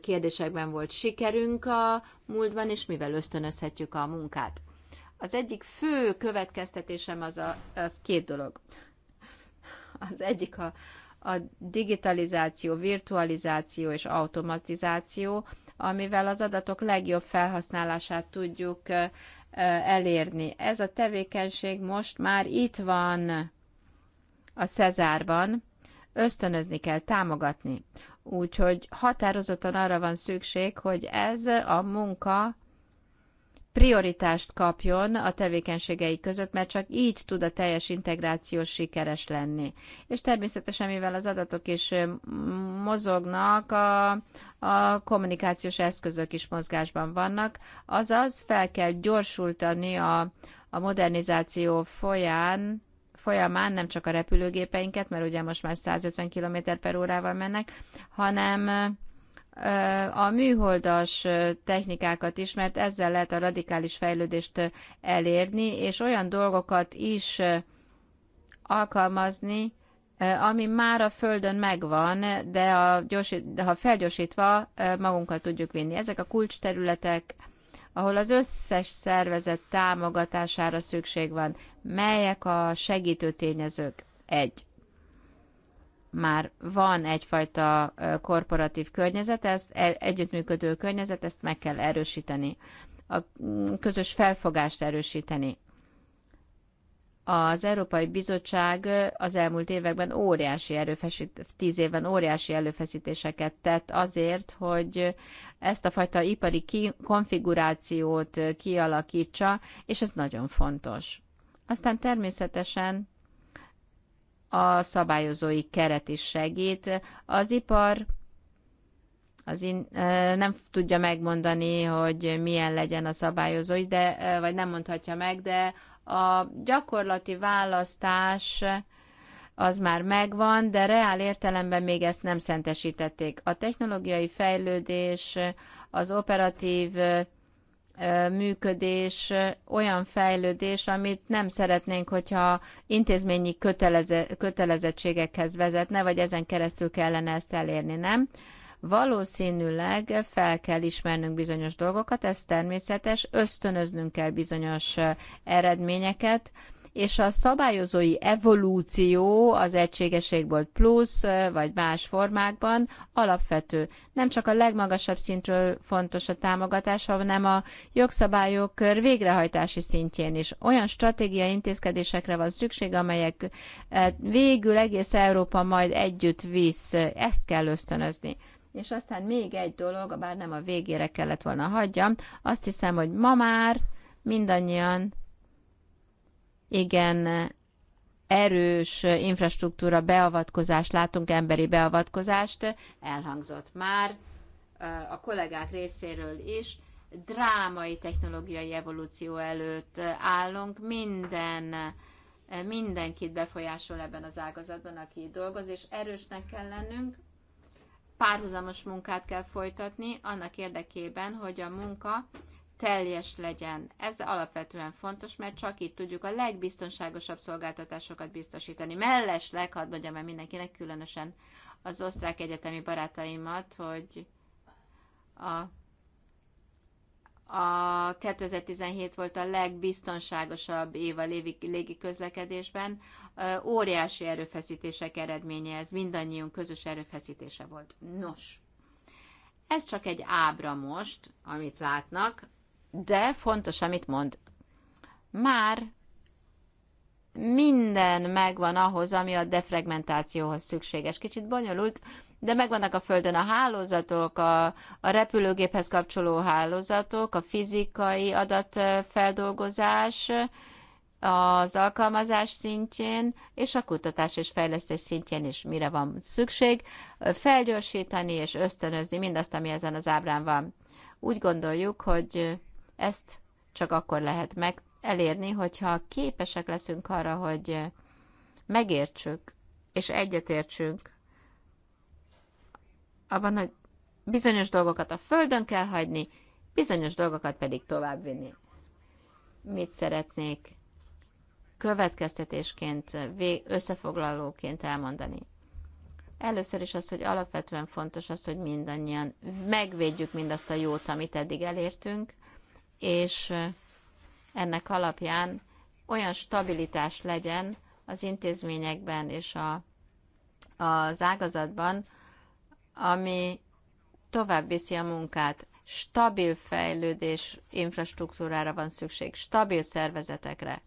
kérdésekben volt sikerünk a múltban, és mivel ösztönözhetjük a munkát. Az egyik fő következtetésem az, a, az két dolog. Az egyik a, a digitalizáció, virtualizáció és automatizáció, amivel az adatok legjobb felhasználását tudjuk elérni. Ez a tevékenység most már itt van a Cezárban, ösztönözni kell, támogatni. Úgyhogy határozottan arra van szükség, hogy ez a munka prioritást kapjon a tevékenységei között, mert csak így tud a teljes integráció sikeres lenni. És természetesen, mivel az adatok is mozognak, a, a kommunikációs eszközök is mozgásban vannak, azaz fel kell gyorsultani a, a modernizáció folyán, folyamán nem csak a repülőgépeinket, mert ugye most már 150 km per órával mennek, hanem a műholdas technikákat is, mert ezzel lehet a radikális fejlődést elérni, és olyan dolgokat is alkalmazni, ami már a Földön megvan, de, a gyorsít, de ha felgyorsítva magunkkal tudjuk vinni. Ezek a kulcsterületek, ahol az összes szervezet támogatására szükség van. Melyek a segítő tényezők? Egy már van egyfajta korporatív környezet, ezt e, együttműködő környezet, ezt meg kell erősíteni. A mm, közös felfogást erősíteni. Az Európai Bizottság az elmúlt években óriási erőfeszítéseket, tíz évben óriási előfeszítéseket tett azért, hogy ezt a fajta ipari ki, konfigurációt kialakítsa, és ez nagyon fontos. Aztán természetesen a szabályozói keret is segít. Az ipar az in, nem tudja megmondani, hogy milyen legyen a szabályozói, de, vagy nem mondhatja meg, de a gyakorlati választás az már megvan, de reál értelemben még ezt nem szentesítették. A technológiai fejlődés, az operatív működés, olyan fejlődés, amit nem szeretnénk, hogyha intézményi köteleze, kötelezettségekhez vezetne, vagy ezen keresztül kellene ezt elérni, nem? Valószínűleg fel kell ismernünk bizonyos dolgokat, ez természetes, ösztönöznünk kell bizonyos eredményeket, és a szabályozói evolúció az egységeségből plusz, vagy más formákban alapvető. Nem csak a legmagasabb szintről fontos a támogatás, hanem a jogszabályok végrehajtási szintjén is. Olyan stratégiai intézkedésekre van szükség, amelyek végül egész Európa majd együtt visz. Ezt kell ösztönözni. És aztán még egy dolog, bár nem a végére kellett volna hagyjam, azt hiszem, hogy ma már mindannyian igen erős infrastruktúra beavatkozást látunk, emberi beavatkozást, elhangzott már a kollégák részéről is, drámai technológiai evolúció előtt állunk, minden mindenkit befolyásol ebben az ágazatban, aki dolgoz, és erősnek kell lennünk, párhuzamos munkát kell folytatni annak érdekében, hogy a munka teljes legyen. Ez alapvetően fontos, mert csak így tudjuk a legbiztonságosabb szolgáltatásokat biztosítani. Mellesleg, hadd mondjam el mindenkinek, különösen az osztrák egyetemi barátaimat, hogy a a 2017 volt a legbiztonságosabb év a légi közlekedésben. Óriási erőfeszítések eredménye ez, mindannyiunk közös erőfeszítése volt. Nos, ez csak egy ábra most, amit látnak, de fontos, amit mond. Már minden megvan ahhoz, ami a defragmentációhoz szükséges. Kicsit bonyolult, de megvannak a Földön a hálózatok, a, a repülőgéphez kapcsoló hálózatok, a fizikai adatfeldolgozás, az alkalmazás szintjén és a kutatás és fejlesztés szintjén is mire van szükség, felgyorsítani és ösztönözni mindazt, ami ezen az ábrán van. Úgy gondoljuk, hogy ezt csak akkor lehet meg elérni, hogyha képesek leszünk arra, hogy megértsük és egyetértsünk abban, hogy bizonyos dolgokat a földön kell hagyni, bizonyos dolgokat pedig továbbvinni. Mit szeretnék következtetésként, összefoglalóként elmondani? Először is az, hogy alapvetően fontos az, hogy mindannyian megvédjük mindazt a jót, amit eddig elértünk, és ennek alapján olyan stabilitás legyen az intézményekben és a, az ágazatban, ami tovább viszi a munkát. Stabil fejlődés infrastruktúrára van szükség, stabil szervezetekre.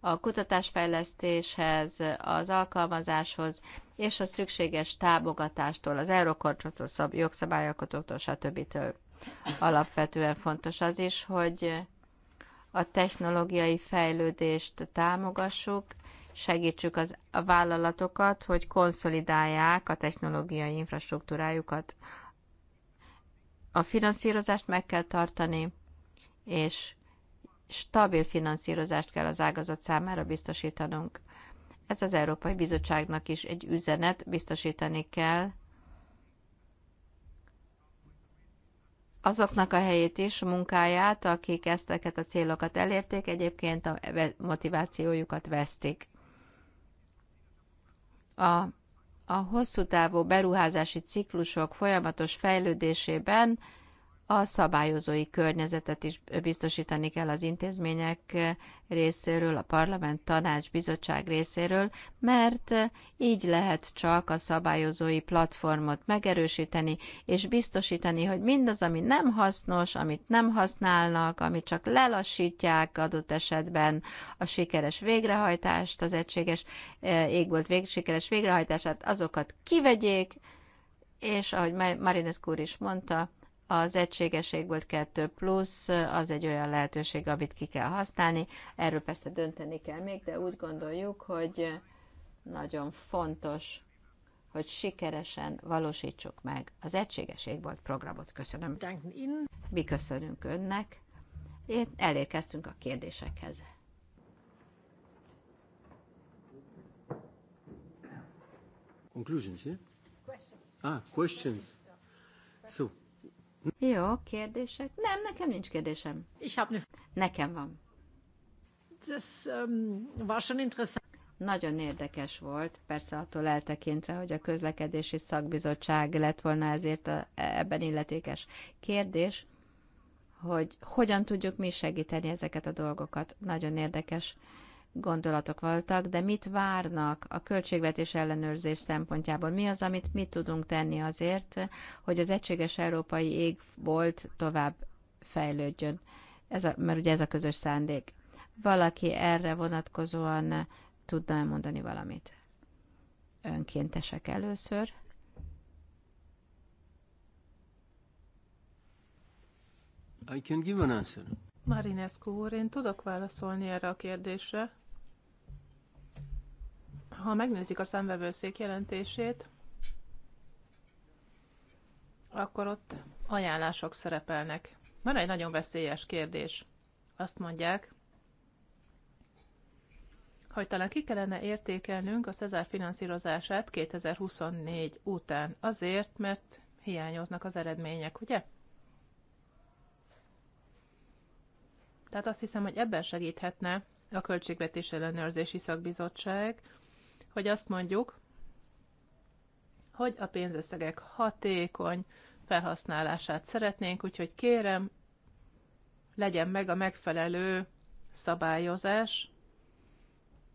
A kutatásfejlesztéshez, az alkalmazáshoz és a szükséges támogatástól, az eurokorcsoktól, jogszabályalkotóktól, stb. Alapvetően fontos az is, hogy a technológiai fejlődést támogassuk, segítsük az, a vállalatokat, hogy konszolidálják a technológiai infrastruktúrájukat. A finanszírozást meg kell tartani, és stabil finanszírozást kell az ágazat számára biztosítanunk. Ez az Európai Bizottságnak is egy üzenet, biztosítani kell, azoknak a helyét is, a munkáját, akik ezteket a célokat elérték, egyébként a motivációjukat vesztik. A, a hosszú távú beruházási ciklusok folyamatos fejlődésében a szabályozói környezetet is biztosítani kell az intézmények részéről, a parlament, tanács, bizottság részéről, mert így lehet csak a szabályozói platformot megerősíteni, és biztosítani, hogy mindaz, ami nem hasznos, amit nem használnak, amit csak lelassítják adott esetben a sikeres végrehajtást, az egységes eh, égbolt vég, sikeres végrehajtását, azokat kivegyék, és ahogy Marinescu úr is mondta, az egységeség volt 2 plusz, az egy olyan lehetőség, amit ki kell használni. Erről persze dönteni kell még, de úgy gondoljuk, hogy nagyon fontos, hogy sikeresen valósítsuk meg az egységeség volt programot. Köszönöm. Mi köszönünk önnek. Én elérkeztünk a kérdésekhez. Conclusions, yeah? Questions. Ah, questions. So, jó, kérdések? Nem, nekem nincs kérdésem. Ich hab ne... Nekem van. Das um, war schon interessant. Nagyon érdekes volt, persze attól eltekintve, hogy a közlekedési szakbizottság lett volna ezért a, ebben illetékes kérdés, hogy hogyan tudjuk mi segíteni ezeket a dolgokat. Nagyon érdekes gondolatok voltak, de mit várnak a költségvetés ellenőrzés szempontjából? Mi az, amit mi tudunk tenni azért, hogy az egységes európai ég volt tovább fejlődjön? Ez a, mert ugye ez a közös szándék. Valaki erre vonatkozóan tudna mondani valamit? Önkéntesek először. I can give an answer. Marinescu úr, én tudok válaszolni erre a kérdésre. Ha megnézik a szemvevőszék jelentését, akkor ott ajánlások szerepelnek. Van egy nagyon veszélyes kérdés. Azt mondják, hogy talán ki kellene értékelnünk a Cezár finanszírozását 2024 után, azért, mert hiányoznak az eredmények, ugye? Tehát azt hiszem, hogy ebben segíthetne a Költségvetés Ellenőrzési Szakbizottság, hogy azt mondjuk, hogy a pénzösszegek hatékony felhasználását szeretnénk, úgyhogy kérem, legyen meg a megfelelő szabályozás,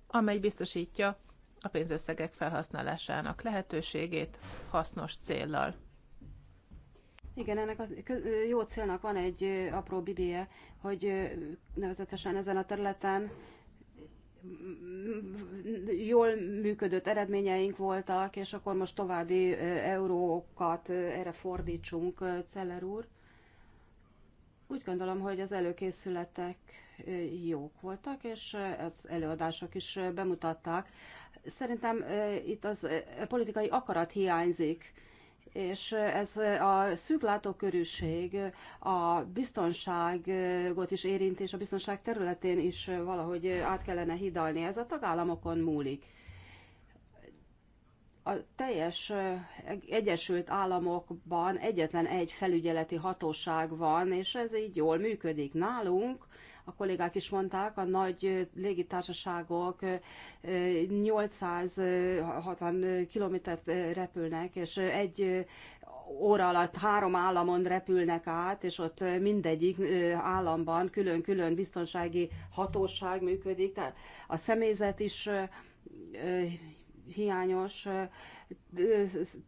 amely biztosítja a pénzösszegek felhasználásának lehetőségét hasznos céllal. Igen, ennek a jó célnak van egy apró bibéje, hogy nevezetesen ezen a területen jól működött eredményeink voltak, és akkor most további eurókat erre fordítsunk, Celler úr. Úgy gondolom, hogy az előkészületek jók voltak, és az előadások is bemutatták. Szerintem itt az politikai akarat hiányzik és ez a szűk látókörűség a biztonságot is érint, és a biztonság területén is valahogy át kellene hidalni. Ez a tagállamokon múlik. A teljes Egyesült Államokban egyetlen egy felügyeleti hatóság van, és ez így jól működik nálunk a kollégák is mondták, a nagy légitársaságok 860 kilométert repülnek, és egy óra alatt három államon repülnek át, és ott mindegyik államban külön-külön biztonsági hatóság működik, tehát a személyzet is hiányos,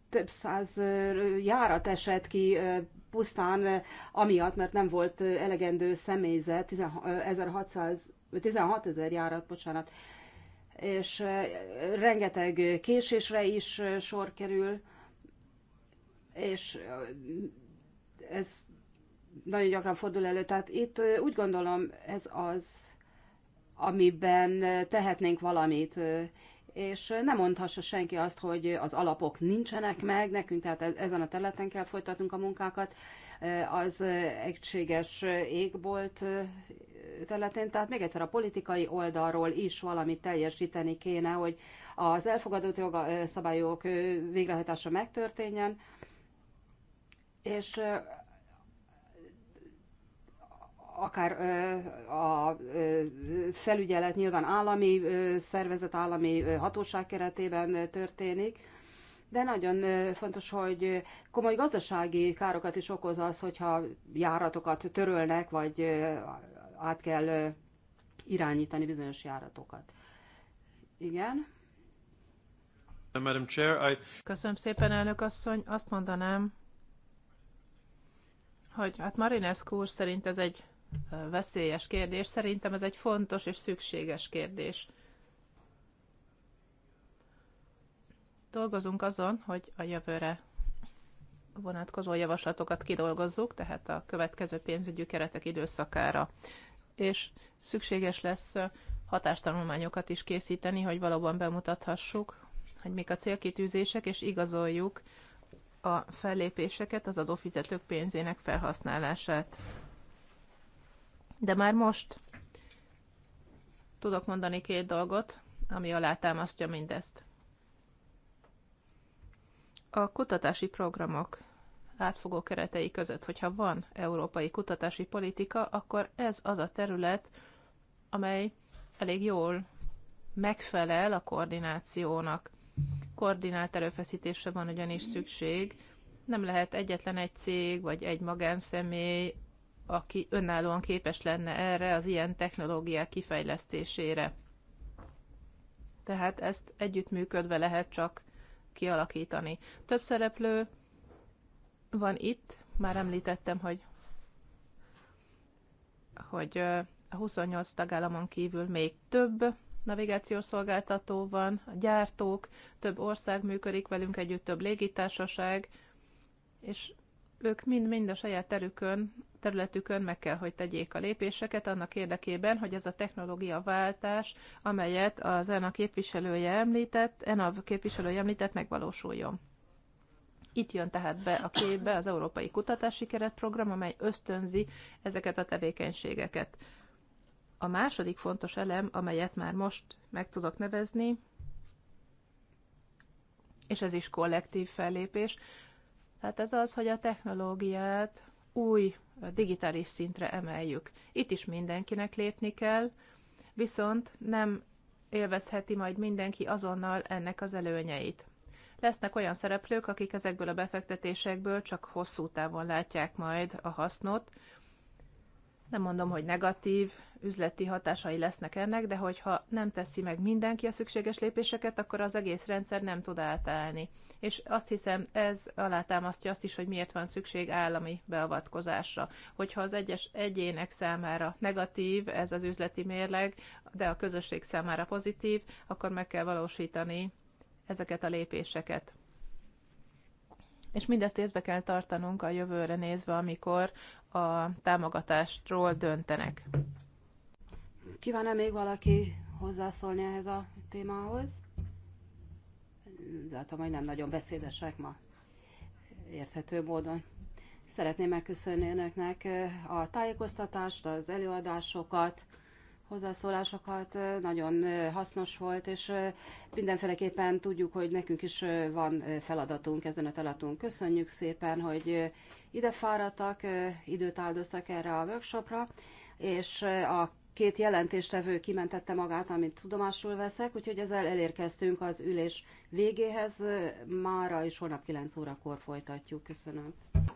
több száz járat esett ki pusztán eh, amiatt, mert nem volt eh, elegendő személyzet, 1600, 16 eh, ezer járat, bocsánat, és rengeteg késésre is sor kerül, és ez nagyon gyakran fordul elő. Tehát itt úgy gondolom, ez az, amiben tehetnénk valamit, és nem mondhassa senki azt, hogy az alapok nincsenek meg nekünk, tehát e- ezen a területen kell folytatnunk a munkákat, e, az egységes égbolt e, területén, tehát még egyszer a politikai oldalról is valamit teljesíteni kéne, hogy az elfogadott jogszabályok végrehajtása megtörténjen, és akár a felügyelet nyilván állami szervezet, állami hatóság keretében történik, de nagyon fontos, hogy komoly gazdasági károkat is okoz az, hogyha járatokat törölnek, vagy át kell irányítani bizonyos járatokat. Igen. Madam Chair, I... Köszönöm szépen, elnök asszony. Azt mondanám, hogy hát Marinescu úr szerint ez egy veszélyes kérdés. Szerintem ez egy fontos és szükséges kérdés. Dolgozunk azon, hogy a jövőre vonatkozó javaslatokat kidolgozzuk, tehát a következő pénzügyi keretek időszakára. És szükséges lesz hatástanulmányokat is készíteni, hogy valóban bemutathassuk, hogy mik a célkitűzések, és igazoljuk a fellépéseket, az adófizetők pénzének felhasználását. De már most tudok mondani két dolgot, ami alátámasztja mindezt. A kutatási programok átfogó keretei között, hogyha van európai kutatási politika, akkor ez az a terület, amely elég jól megfelel a koordinációnak. Koordinált erőfeszítésre van ugyanis szükség. Nem lehet egyetlen egy cég vagy egy magánszemély aki önállóan képes lenne erre az ilyen technológiák kifejlesztésére. Tehát ezt együttműködve lehet csak kialakítani. Több szereplő van itt, már említettem, hogy, hogy a 28 tagállamon kívül még több navigációs szolgáltató van, a gyártók, több ország működik velünk együtt, több légitársaság, és ők mind-mind a saját terükön, területükön meg kell, hogy tegyék a lépéseket annak érdekében, hogy ez a technológia váltás, amelyet az ENA képviselője említett, ENAV képviselője említett, megvalósuljon. Itt jön tehát be a képbe az Európai Kutatási Keretprogram, amely ösztönzi ezeket a tevékenységeket. A második fontos elem, amelyet már most meg tudok nevezni, és ez is kollektív fellépés, tehát ez az, hogy a technológiát új digitális szintre emeljük. Itt is mindenkinek lépni kell, viszont nem élvezheti majd mindenki azonnal ennek az előnyeit. Lesznek olyan szereplők, akik ezekből a befektetésekből csak hosszú távon látják majd a hasznot, nem mondom, hogy negatív üzleti hatásai lesznek ennek, de hogyha nem teszi meg mindenki a szükséges lépéseket, akkor az egész rendszer nem tud átállni. És azt hiszem, ez alátámasztja azt is, hogy miért van szükség állami beavatkozásra. Hogyha az egyes egyének számára negatív ez az üzleti mérleg, de a közösség számára pozitív, akkor meg kell valósítani ezeket a lépéseket. És mindezt észbe kell tartanunk a jövőre nézve, amikor a támogatástról döntenek. Kíván-e még valaki hozzászólni ehhez a témához? Látom, hogy nem nagyon beszédesek ma érthető módon. Szeretném megköszönni önöknek eh, a tájékoztatást, az előadásokat, hozzászólásokat, nagyon hasznos volt, és mindenféleképpen tudjuk, hogy nekünk is van feladatunk, ezen a talatunk. Köszönjük szépen, hogy ide fáradtak, időt áldoztak erre a workshopra, és a két jelentéstevő kimentette magát, amit tudomásul veszek, úgyhogy ezzel elérkeztünk az ülés végéhez. Mára és holnap 9 órakor folytatjuk. Köszönöm.